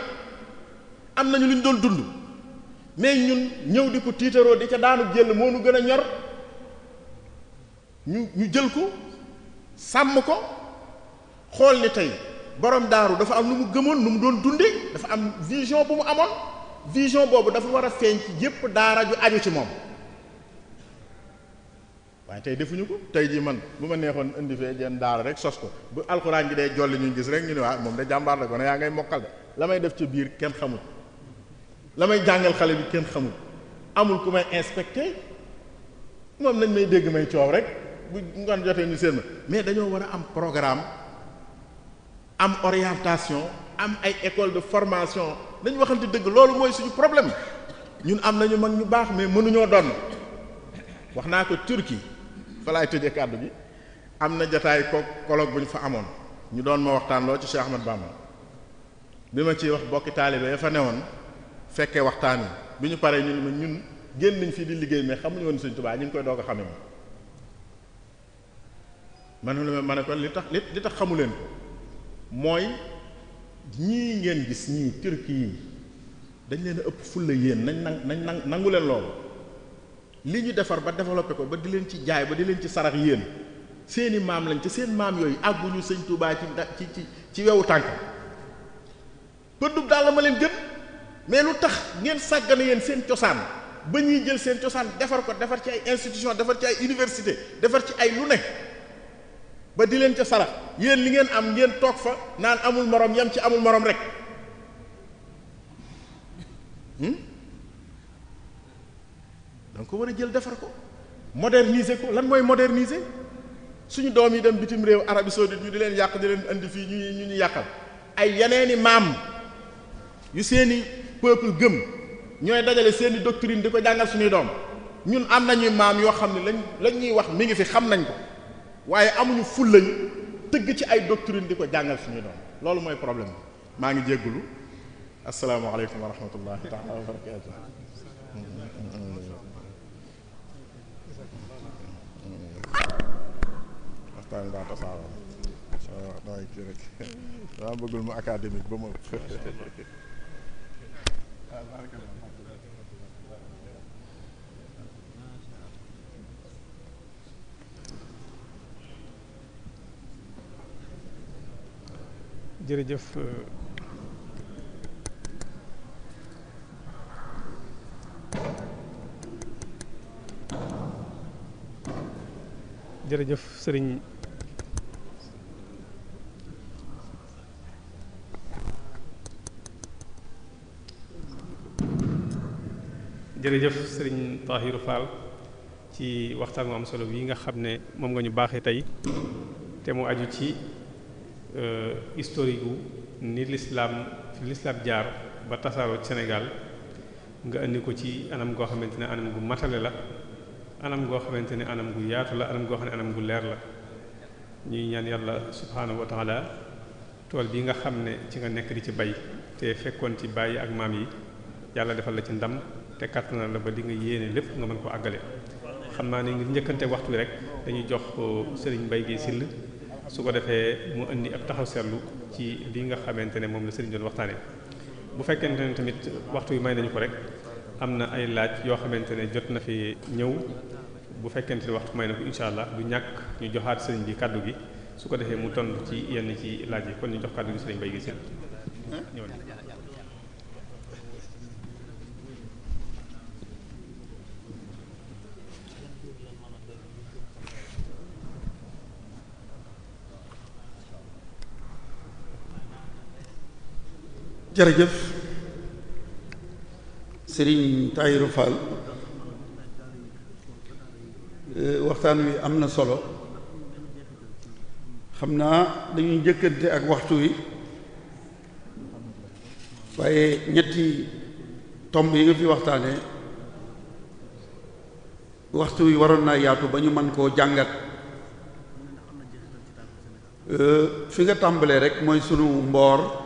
am nañu lu ñu doon dund mais ñun ñëw di ko tiitaroo di ca daanu jël moo nu gën a ñor ñu ñu jël ko sàmm ko xool ni tey boroom daaru dafa am lu mu gëmoon nu mu doon dunde dafa am vision bu mu amoon vision boobu dafa war a feeñ ci yépp daara ju aju ci moom waaye tey defuñu ko tey jii man bu ma neexoon indi fee jenn daal rek sos ko bu alxuraan gi dee jolli ñuy gis rek ñu ne waa moom de jàmbaar la ko ne yaa ngay mokkal de la may def ci biir kenn xamul la may jàngal xale bi kenn xamul amul ku may inspecté moom nañ may dégg may coow rek bu ngoon jotee ñu seen mais dañoo war a am programme am orientation am ay école de formation dañ waxante dëgg loolu mooy suñu problème ñun am nañu mag ñu baax mais mënuñoo doon wax naa ko Turquie falaay tëjee kàddu bi am na jataay kook kolook bu ñu fa amoon ñu doon ma waxtaan loo ci Cheikh Ahmad Bamba bi ma ciy wax bokki taalibe ya fa woon fekkee waxtaan wi bi ñu paree ñu ma ñun génn nañ fii di liggéey mais xamuñu woon Sëñ Tuubaa ñu ngi koy doog a xame moom man ma ne kon li tax li tax xamu leen mooy ñii ngeen gis ñii turki yi dañ leen a ëpp fulla yéen nañ nañ nañ nangu leen loolu li ñu defar ba développé ko ba di leen ci jaay ba di leen ci sarax yéen seeni maam lañ te seen maam yooyu àgguñu sëñ Touba ci ci ci wewu tànk pëddub daal la ma leen gën mais lu tax ngeen sàggane yéen seen cosaan ba ñuy jël seen cosaan defar ko defar ci ay institution defar ci ay université defar ci ay lu ne ba di leen ca sarax yéen li ngeen am ngeen toog fa naan amul moroom yam ci amul moroom rek hmm? da ko war a jël defar ko moderniser ko lan mooy moderniser suñu doom yi dem bitim réew Arabie saoudite ñu di leen yàq di leen indi fii ñu ñu ñu yàqal ay yeneeni maam yu seeni peuple gëm ñooy dajale seeni doctrine di ko jàngal suñuy doom ñun am nañuy maam yoo xam ne lañ lañ ñuy wax mi ngi fi xam nañ ko waaye amuñu ful lañ tëgg ci ay doctrine di ko jàngal suñuy doom loolu mooy problème maa ngi jéggulu asalaamaaleykum wa rahmatullahi taala wa waxtaan baa tasaaroo waaw kii rek dama bëggul mu académique ba ma. jërëjëf euh, jërëjëf sëriñ jëf sëriñ Tahirou Fall ci waxtaan mu solo yi nga xam ne moom nga ñu baaxee tey te mu aju ci euh, historique gu ni lislaam fi lislaam jaar ba tasaaroo ci nga indi ko ci anam goo xamante ne anam gu matale la anam goo xamante ne anam gu yaatu la anam goo xam ne anam gu leer la ñuy ñaan yàlla subhaanahu wa taala tool bi nga xam ne ci nga nekk di ci bay te fekkoon ci bàyyi ak maam yi yàlla defal la ci ndam te na la ba li nga yéene lépp nga mën ko àggale xam naa ne ngir njëkkante waxtu wi rek dañuy jox uh, sëriñ Mbaye Guèye Syll su ko defee mu indi ab taxaw seetlu ci li nga xamante ne moom la Serigne doon waxtaanee bu fekkente ne tamit waxtu wi may nañu ko rek am na ay laaj yoo xamante ne jot na fi ñëw bu fekkente ne waxtu may na ko incha allah du ñàkk ñu joxaat sëriñ bi kaddu gi su ko defee mu tontu ci yenn ci laaj yi kon ñu jox kaddu gi Serigne Mbaye Guèye Syll jërëjëf Serigne Tahirou Fall euh, waxtaan wi am na solo xam naa dañuy njëkkante ak waxtu wi waaye ñetti tomb yi nga fi waxtaane waxtu wi waroon naa yaatu ba ñu mën koo jàngat euh, fi nga tàmbalee rek mooy sunu mboor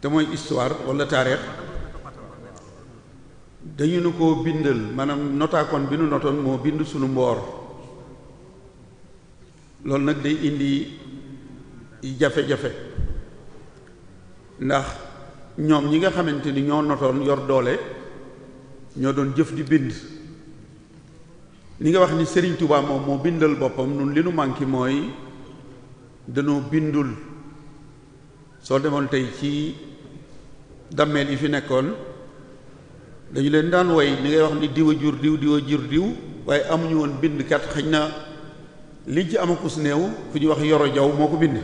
te mooy histoire wala taarix dañu nu ko bindal maanaam notaakoon bi nu notoon moo bind sunu mboor loolu nag day indi jafe-jafe ndax ñoom ñi nga xamante ni ñoo notoon yor doole ñoo doon jëf di bind li nga wax ni sëriñ Touba moom moo bindal boppam nun li nu manqué mooy dañoo bindul soo demoon tey ci dammeel yi fi nekkoon dañu leen daan woy ni ngay wax ni diw a jur diw diw a jur diw waaye amuñu woon bindkat xañ na liñ ci amakus néew ku ñuy wax yoro jaw moo ko bind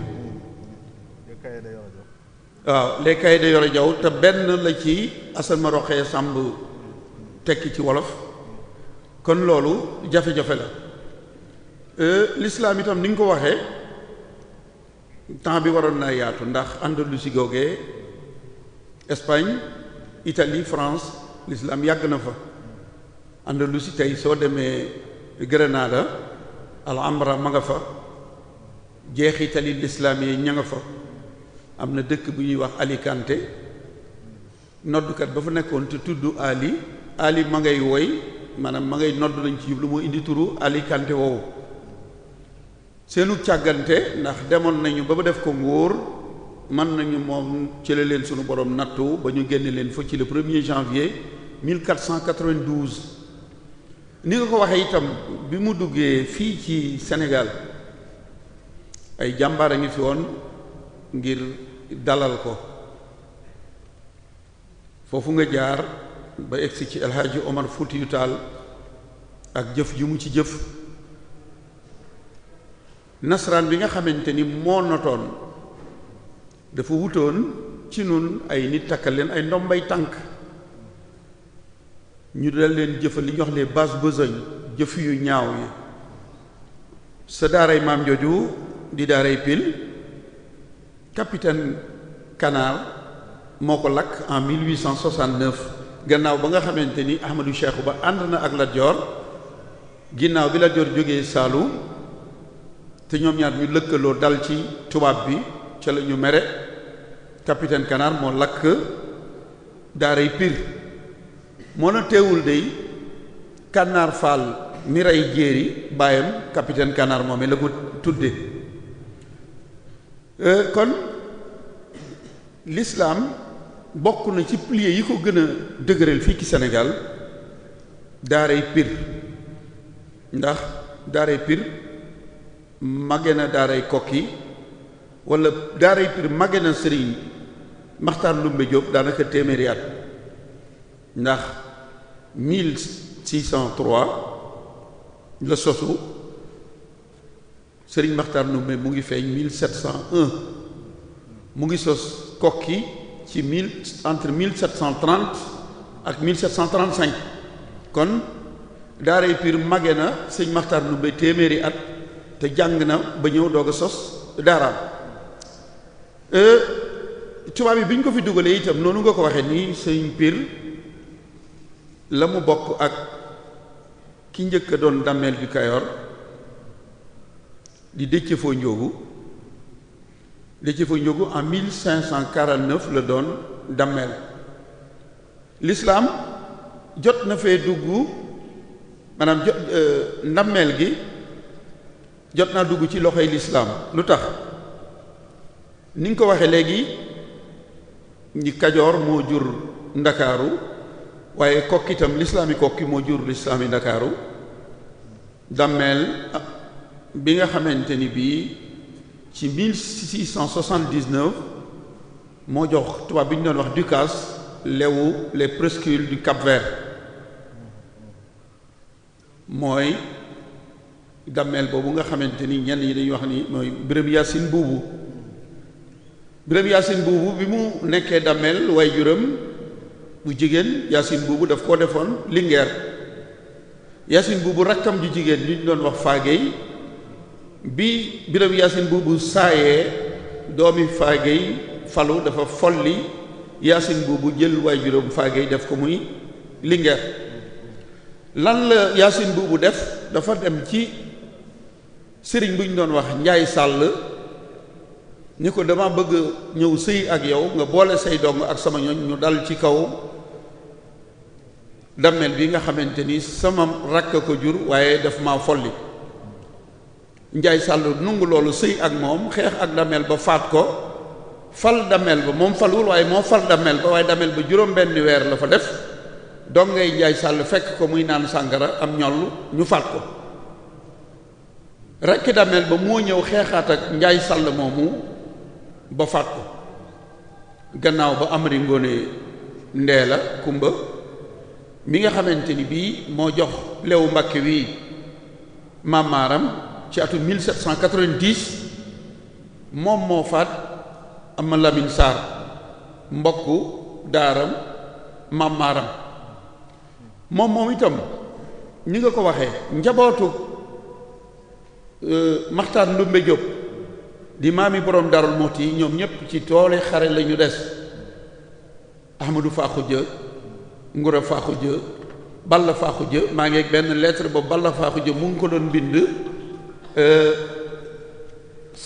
waaw les cahiers de yoro jaw te benn la ci Assane ma roxee sàmb tekki ci wolof kon loolu jafe-jafe la euh, l'islam itam ni nga ko waxee temps bi waroon naa yaatu ndax Andalusi googee Espagne Italie France l'islam yàgg na fa Andalusi tey soo demee Grenada Alhambra ma nga fa jeexitali lislaam yi ña nga fa am na dëkk bu ñuy wax Alicante noddukat ba fa nekkoon te tudd Ali Ali ma ngay woy maanaam ma ngay nodd nañ ci lu moo indi turu Alicante woowu seenu càggante ndax demoon nañu ba ba def ko ngóor mën nañu moom ci leen sunu borom nattu ba ñu génne leen fa ci le premier janvier 1492 ni nga ko waxee itam bi mu duggee fii ci senegal ay jàmbaar a ngi fi woon ngir dalal ko foofu nga jaar ba egsi ci El Hadji Omar Foutiyou Tall ak jëf ju mu ci jëf nasraan bi nga xamante ni moo notoon dafa wutoon ci nun ay nit takkal leen ay ndombay tànk ñu dal leen jëfal li ñu wax les bases besognes jëf yu ñaaw yi sa daaray maam jooju di daaray pil capitaine Canard moo ko lakk en 1869 gannaaw ba nga xamante ni Ahmadou Cheikh ba ànd na ak Lat Joor ginnaaw bi Lat Joor jógee Saalum te ñoom ñaar ñu lëkkaloo dal ci tubaab bi ca la ñu mere capitaine Canard moo lakk daaray Pire moo na teewul day Canard Fall mi rey jéeri baayam capitaine Canard moom la ko tudde euh, kon l'islam bokk na ci pilier yi ko gën a dëgëral fii ci senegal daaray piir ndax daaray Pire mage na daaray Kokki wala daaray Pire mage na Serigne Maxtaar Lumbe Diop daanaka téeméeri at ndax 1603 la sosu Serigne Maxtaar Lumbe mu ngi feeñ mille 1701 mu ngi sos kokki ci mille entre mille cent 1730 ak 1735 kon daaray Pire mage na sëñ Maxtaar Lumbe téeméeri at te jàng na ba ñëw doog a sos daaraam. Euh, tubaab yi bi ñu ko fi dugalee itam noonu nga ko waxee nii sëñ piir la mu bokk ak ki njëkk a doon dammeel bi Kayor di Déthié Fo Ndiogou Déthié Fo Ndiogou en 1549 la doon dammeel l'islam jot na fee dugg maanaam jot euh, ndammeel gi jot naa dugg ci loxoy lislaam lu tax ni nga ko waxee léegi ñi kajoor moo jur ndakaaru waaye kokki itam lislaami kokki moo jur lislaami ndakaaru dammeel bi nga xamante ni bii ci 1679 moo jox tubaab bi ñu doon wax Ducasse lewu les presqu'îles du Cap-Vert mooy dammeel boobu nga xamante ni ñenn yi dañuy wax ni mooy béréb Yaasin buubu biram yaasin buubu bi mu nekkee dammeel way juram bu jigéen yaasin buubu daf koo defoon lingeer yaasin buubu rakkam ju jigéen li ñu doon wax faagey bi biram yaasin buubu saayee doomi faagey falu dafa folli yaasin buubu jël way juram faagey def ko muy lingeer lan la yaasin buubu def dafa dem ci sëriñ bu ñu doon wax njaay sàll ni ko dama bëgg ñëw sëy ak yow nga boole say dong ak sama ñoñ ñu dal ci kaw dammel bi nga xamante ni sama rakk ko jur waaye daf ma folli njaay sàll nungu loolu sëy ak moom xeex ak dammel ba faat ko fal dammel ba moom falul waaye moo fal dammel ba waaye dammel ba juróom benn weer la fa def dong ngay njaay sàll fekk ko muy naan sàngara am ñoll ñu faat ko rakki dammel ba moo ñëw xeexaat ak njaay sàll moomu ba faat ko gannaaw ba Amari Ngoone Ndeela Kumba mi nga xamante ni bii moo jox lewu mbakk wi maamaaram ci atum 1790 moom moo faat ama Lamine Sarr mbokku daaram maamaaram moom moom itam ni nga ko waxee njabootu euh, Maxtaar Ndumbe Jóob di maam yi darul muxti yi ñoom ñëpp ci toole xare la ñu des ahmadou faaxuja ngura faaxuja balla faaxuja maa ngi benn lettre boobu balla faaxuja mu ngi ko doon bind euh,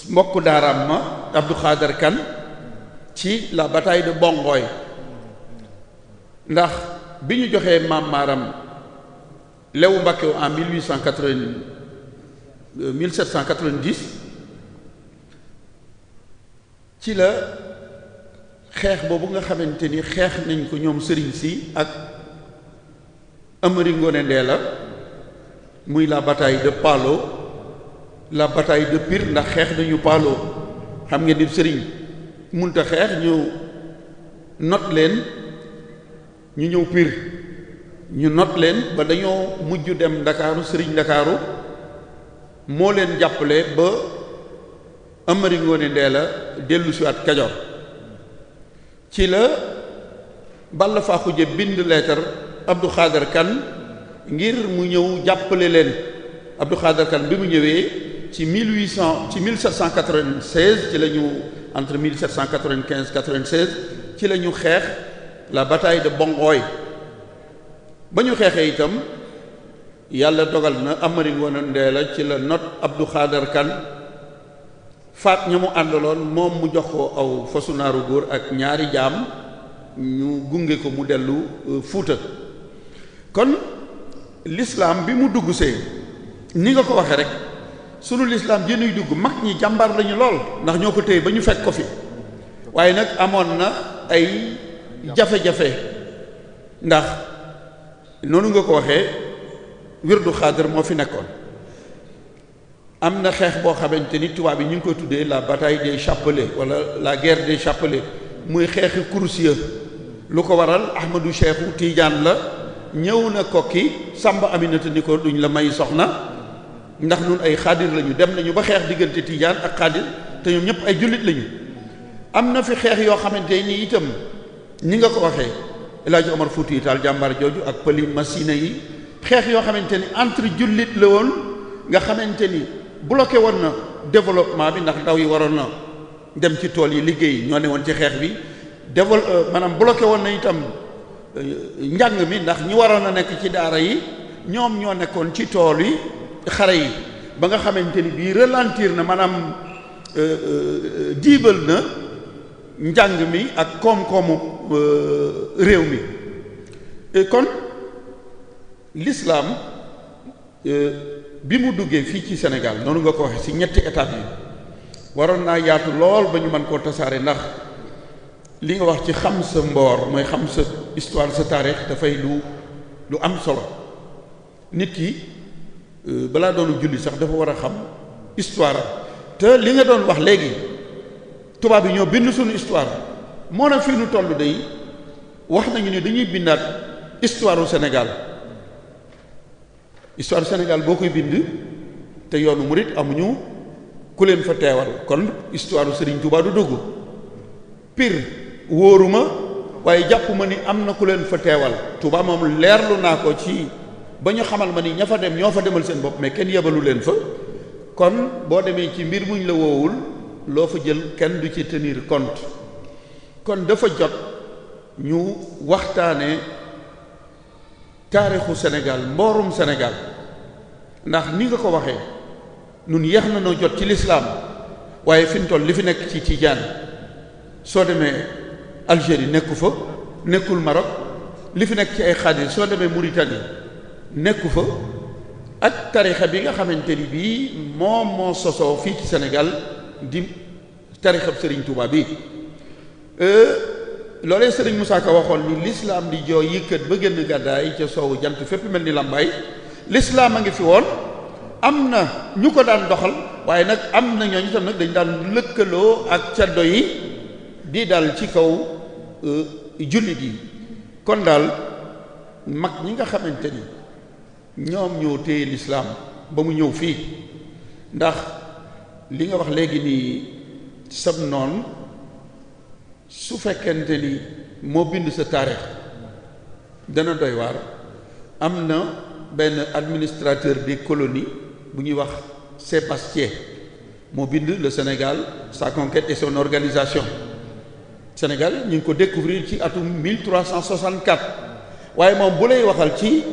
mbokk daaraam ma abdou xaadar kan ci la bataille de Bongoy ndax bi ñu joxee maam maaram lewu mbakkew en 1880 1790 ci la xeex boobu nga xamante ni xeex nañ ko ñoom sëriñ si ak Amari Ngoone Ndeela muy la bataille de Palo la bataille de Pire ndax xeex nañu Palo xam ngeen ni sëriñ munta xeex ñëw not leen ñu ñëw Pire ñu not leen ba dañoo mujj dem ndakaaru sëriñ ndakaaru moo leen jàppale ba Amari Ngoone la dellu siwaat Kajoor ci la Balla Faxuje bind leetar Abdou Khader Kan ngir mu ñëw jàppale leen Abdou Khader Kan bi mu ñëwee ci 1800 ci 1796 ci la ñu entre 1795 96 ci la ñu xeex la bataille de Bongoy ba ñu xeexee itam yàlla dogal na Amari Ngoone Ndeela ci la not Abdou Khader Kan faat ña mu àndaloon moom mu jox ko aw fasu naaru góor ak ñaari jaam ñu gunge ko mu dellu euh, fuuta kon lislaam bi mu dugg see ni nga ko waxe rek sunu l'islam ji nuy dugg mag ñi jàmbar lañu lool ndax ñoo ko téye ba ñu fekk ko fi waaye nag amoon na ay jafe-jafe ndax noonu nga ko waxee wirdu xaadir moo fi nekkoon am na xeex boo xamante ni tubaab yi ñu ngi koy tuddee la bataille des chapelets wala la guerre des chapelets muy xeexi coursier lu ko waral Ahmadou Cheikhou Tidiane la ñëw na kokki Samba Aminata ni ko duñ la may soxna ndax ñun ay xaadir lañu dem nañu ba xeex diggante Tidiane ak xaadir te ñoom ñëpp ay jullit lañu am na fi xeex yoo xamante ni itam ni nga ko waxee El Hadj Omar Foutiyou Tall jàmbaar jooju ak pëli masina yi xeex yoo xamante ni entre jullit la woon nga xamante ni. bloqué woon na développement bi ndax ndaw yi waroon na dem ci tool yi liggéey ñoo ne woon ci xeex bi dével euh, maanaam bloqué woon na itam euh, njàng mi ndax ñu waroon a nekk ci daara yi ñoom ñoo nekkoon ci tool yi xare yi ba nga xamante ni bii ralentir na maanaam euh, diibal na njàng mi ak koom-koomu réew mi kon lislaam bi mu duggee fii ci senegal noonu nga ko waxee ci ñetti étapes yi waroon naa yaatu lool ba ñu mën koo tasaare ndax li nga wax ci xam sa mboor mooy xam sa histoire sa taarix dafay lu lu am solo nit ki euh, balaa doonu julli sax dafa war a xam histoire te li nga doon wax léegi tubaab yi ñoo bind sunu histoire moo na fii nu toll day wax nañu ne dañuy bindaat histoire senegal histoire Sénégal boo koy bind te yoonu murit amuñu ku leen fa teewal kon histoire Serigne Touba du dugg pire wóoruma waaye jàpp ni am na ku leen fa teewal Touba moom leerlu naa ko ci ba ñu xamal ma ni ña fa dem ñoo fa demal seen bopp mais kenn yebalu leen fa kon boo demee ci mbir muñ la woowul loo fa jël kenn du ci tenir compte kon dafa jot ñu waxtaanee. taarixu senegal mboorum senegal ndax ni nga ko waxee nun yeex na noo jot ci lislaam waaye fi mu toll li fi nekk ci Tijaan soo demee Algérie nekku fa nekkul Maroc li fi nekk ci ay xaadir soo demee Mauritanie nekku fa ak tarixa bi nga xamante ni bii moom moo sosoo fii ci senegal di tarixab Sëriñ Tuubaa bi euh, loolee sëriñ Moussa ko waxoon ni lislaam di jooy kër ba génn gàddaay ca soowu jant fépp mel ni làmbaay lislaam a ngi fi woon am na ñu ko daan doxal waaye nag am na ñooñu tam nag dañu daan lëkkaloo ak caddo yi di dal ci kaw euh, jullit yi kon daal mag ñi nga xamante ni ñoom ñoo téye lislaam ba mu ñëw fii ndax li nga wax léegi nii sab noon su fekkente ni moo bind sa taarix dana doy waar am na benn administrateur des colonies bu ñuy wax Sébastien moo bind le Sénégal sa conquête et son organisation Sénégal ñu ngi ko découvrir ci atum 1364 waaye moom bu lay waxal ci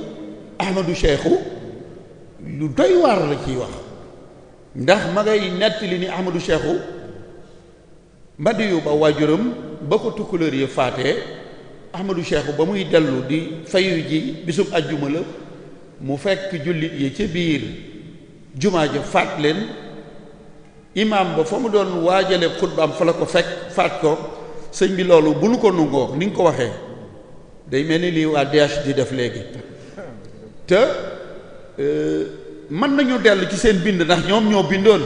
Ahmadou Cheikhou lu doy waar la ciy wax ndax ma ngay nett li ni Ahmadou Cheikhou mbadiyu ba waajuram ba ko tukkuleer yi faatee ahmadu cheikhu ba muy dellu di fayu ji bisum ajjuma la mu fekk jullit yi ca biir jumaa ja faat leen imaam ba fa mu doon waajale xutbaam fa la ko fekk faat ko sëñ bi loolu bu nu ko nungoo ni nga ko waxee day mel ni lii waa DH di def léegi te euh, mën nañu dellu ci seen bind ndax ñoom ñoo bindoon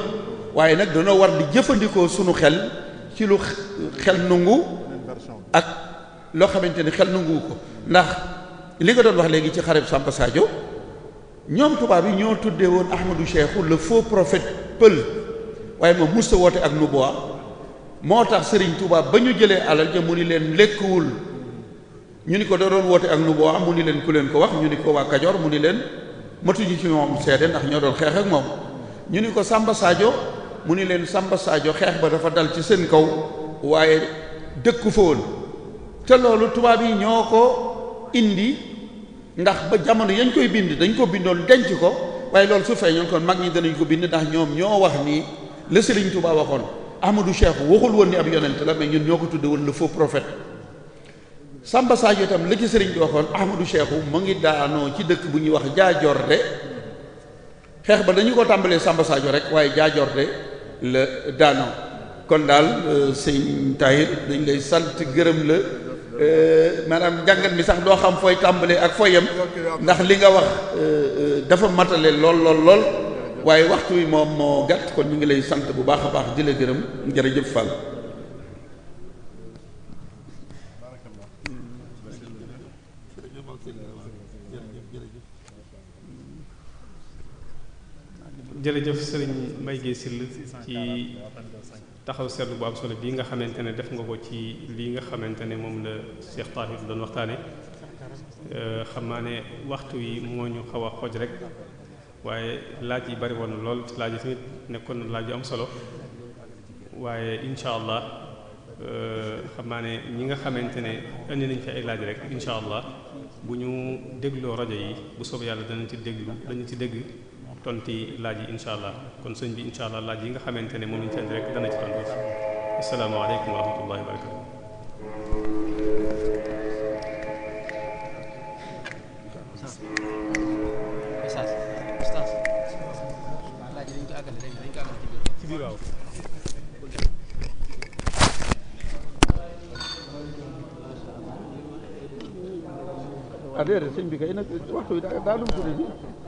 waaye nag danoo war di jëfandikoo sunu xel ci lu xel nungu ak loo xamante ni xel nungu ko ndax li nga doon wax léegi ci xareb Samba Sadio ñoom tubaab yi ñoo tuddee woon Ahmadou Cheikhou la foo profet pël waaye moom musta woote ak nubuwa moo tax sëriñ Touba ba ñu jëlee alal ja mu ni leen lekkuwul ñu ni ko da doon woote ak nubuwa mu ni leen ku leen ko wax ñu ni ko waa Kajoor mu ni leen matuñu ci moom seede ndax ñoo doon xeex ak moom ñu ni ko sàmba Sadio mu ni leen Samba Sadio xeex ba dafa dal ci seen kaw waaye dëkku fa woon te loolu tubaab yi ñoo ko indi ndax ba jamono yañ koy bind dañ ko bindoon denc ko waaye loolu su feeñoon kon mag ñi danañ ko bind ndax ñoom ñoo wax nii la Sëriñ Tuubaa waxoon Ahmadou Cheikh waxul woon ni ab yonent la mais ñun ñoo ko tudde woon le faux prophète Samba Sadio itam la ci sëriñ bi waxoon Ahmadou Cheikh mu ngi daanoo ci dëkk bu ñuy wax jaajoor jaajorde xeex ba dañu ko tàmbalee Samba rek waaye jaajorde la daanoo kon daal euh, sëñ Tahir dañ lay sant gërëm la euh, maanaam njàngat mi sax doo xam fooy tàmbalee ak foo yem ndax li nga wax euh, dafa matale lool lool lool waaye waxtu wi moom moo gàtt kon ñu ngi lay sant bu baax a baax di la gërëm jërëjëf Fall jërëjëf sëriñ mbay Guèye Syll ci taxaw seetlu bu am solo bii nga xamante ne def nga ko ci lii nga xamante ne moom la Cheikh Tahir doon waxtaane euh, xam naa ne waxtu yi moo ñu xaw a xoj rek waaye laaj yi bari woon na lool laaj yi tamit nekkoon na laaj yu am solo waaye incha allah euh, xam naa ne ñi nga xamante ne indi nañ fi ay laaj rek incha allah bu ñu dégloo rajo yi bu soob yàlla danañ ci déglu dañu ci dégg tonti laaj yi incha allah kon sëñ bi incha allah laaj yi nga xamante ne moom lañ ci andi rek dana ci tontu asalaamaaleykum wa rahmatullahi wa barakatu ah déedéet sëñ bi kay nag waxtu wi daa daa lum tudd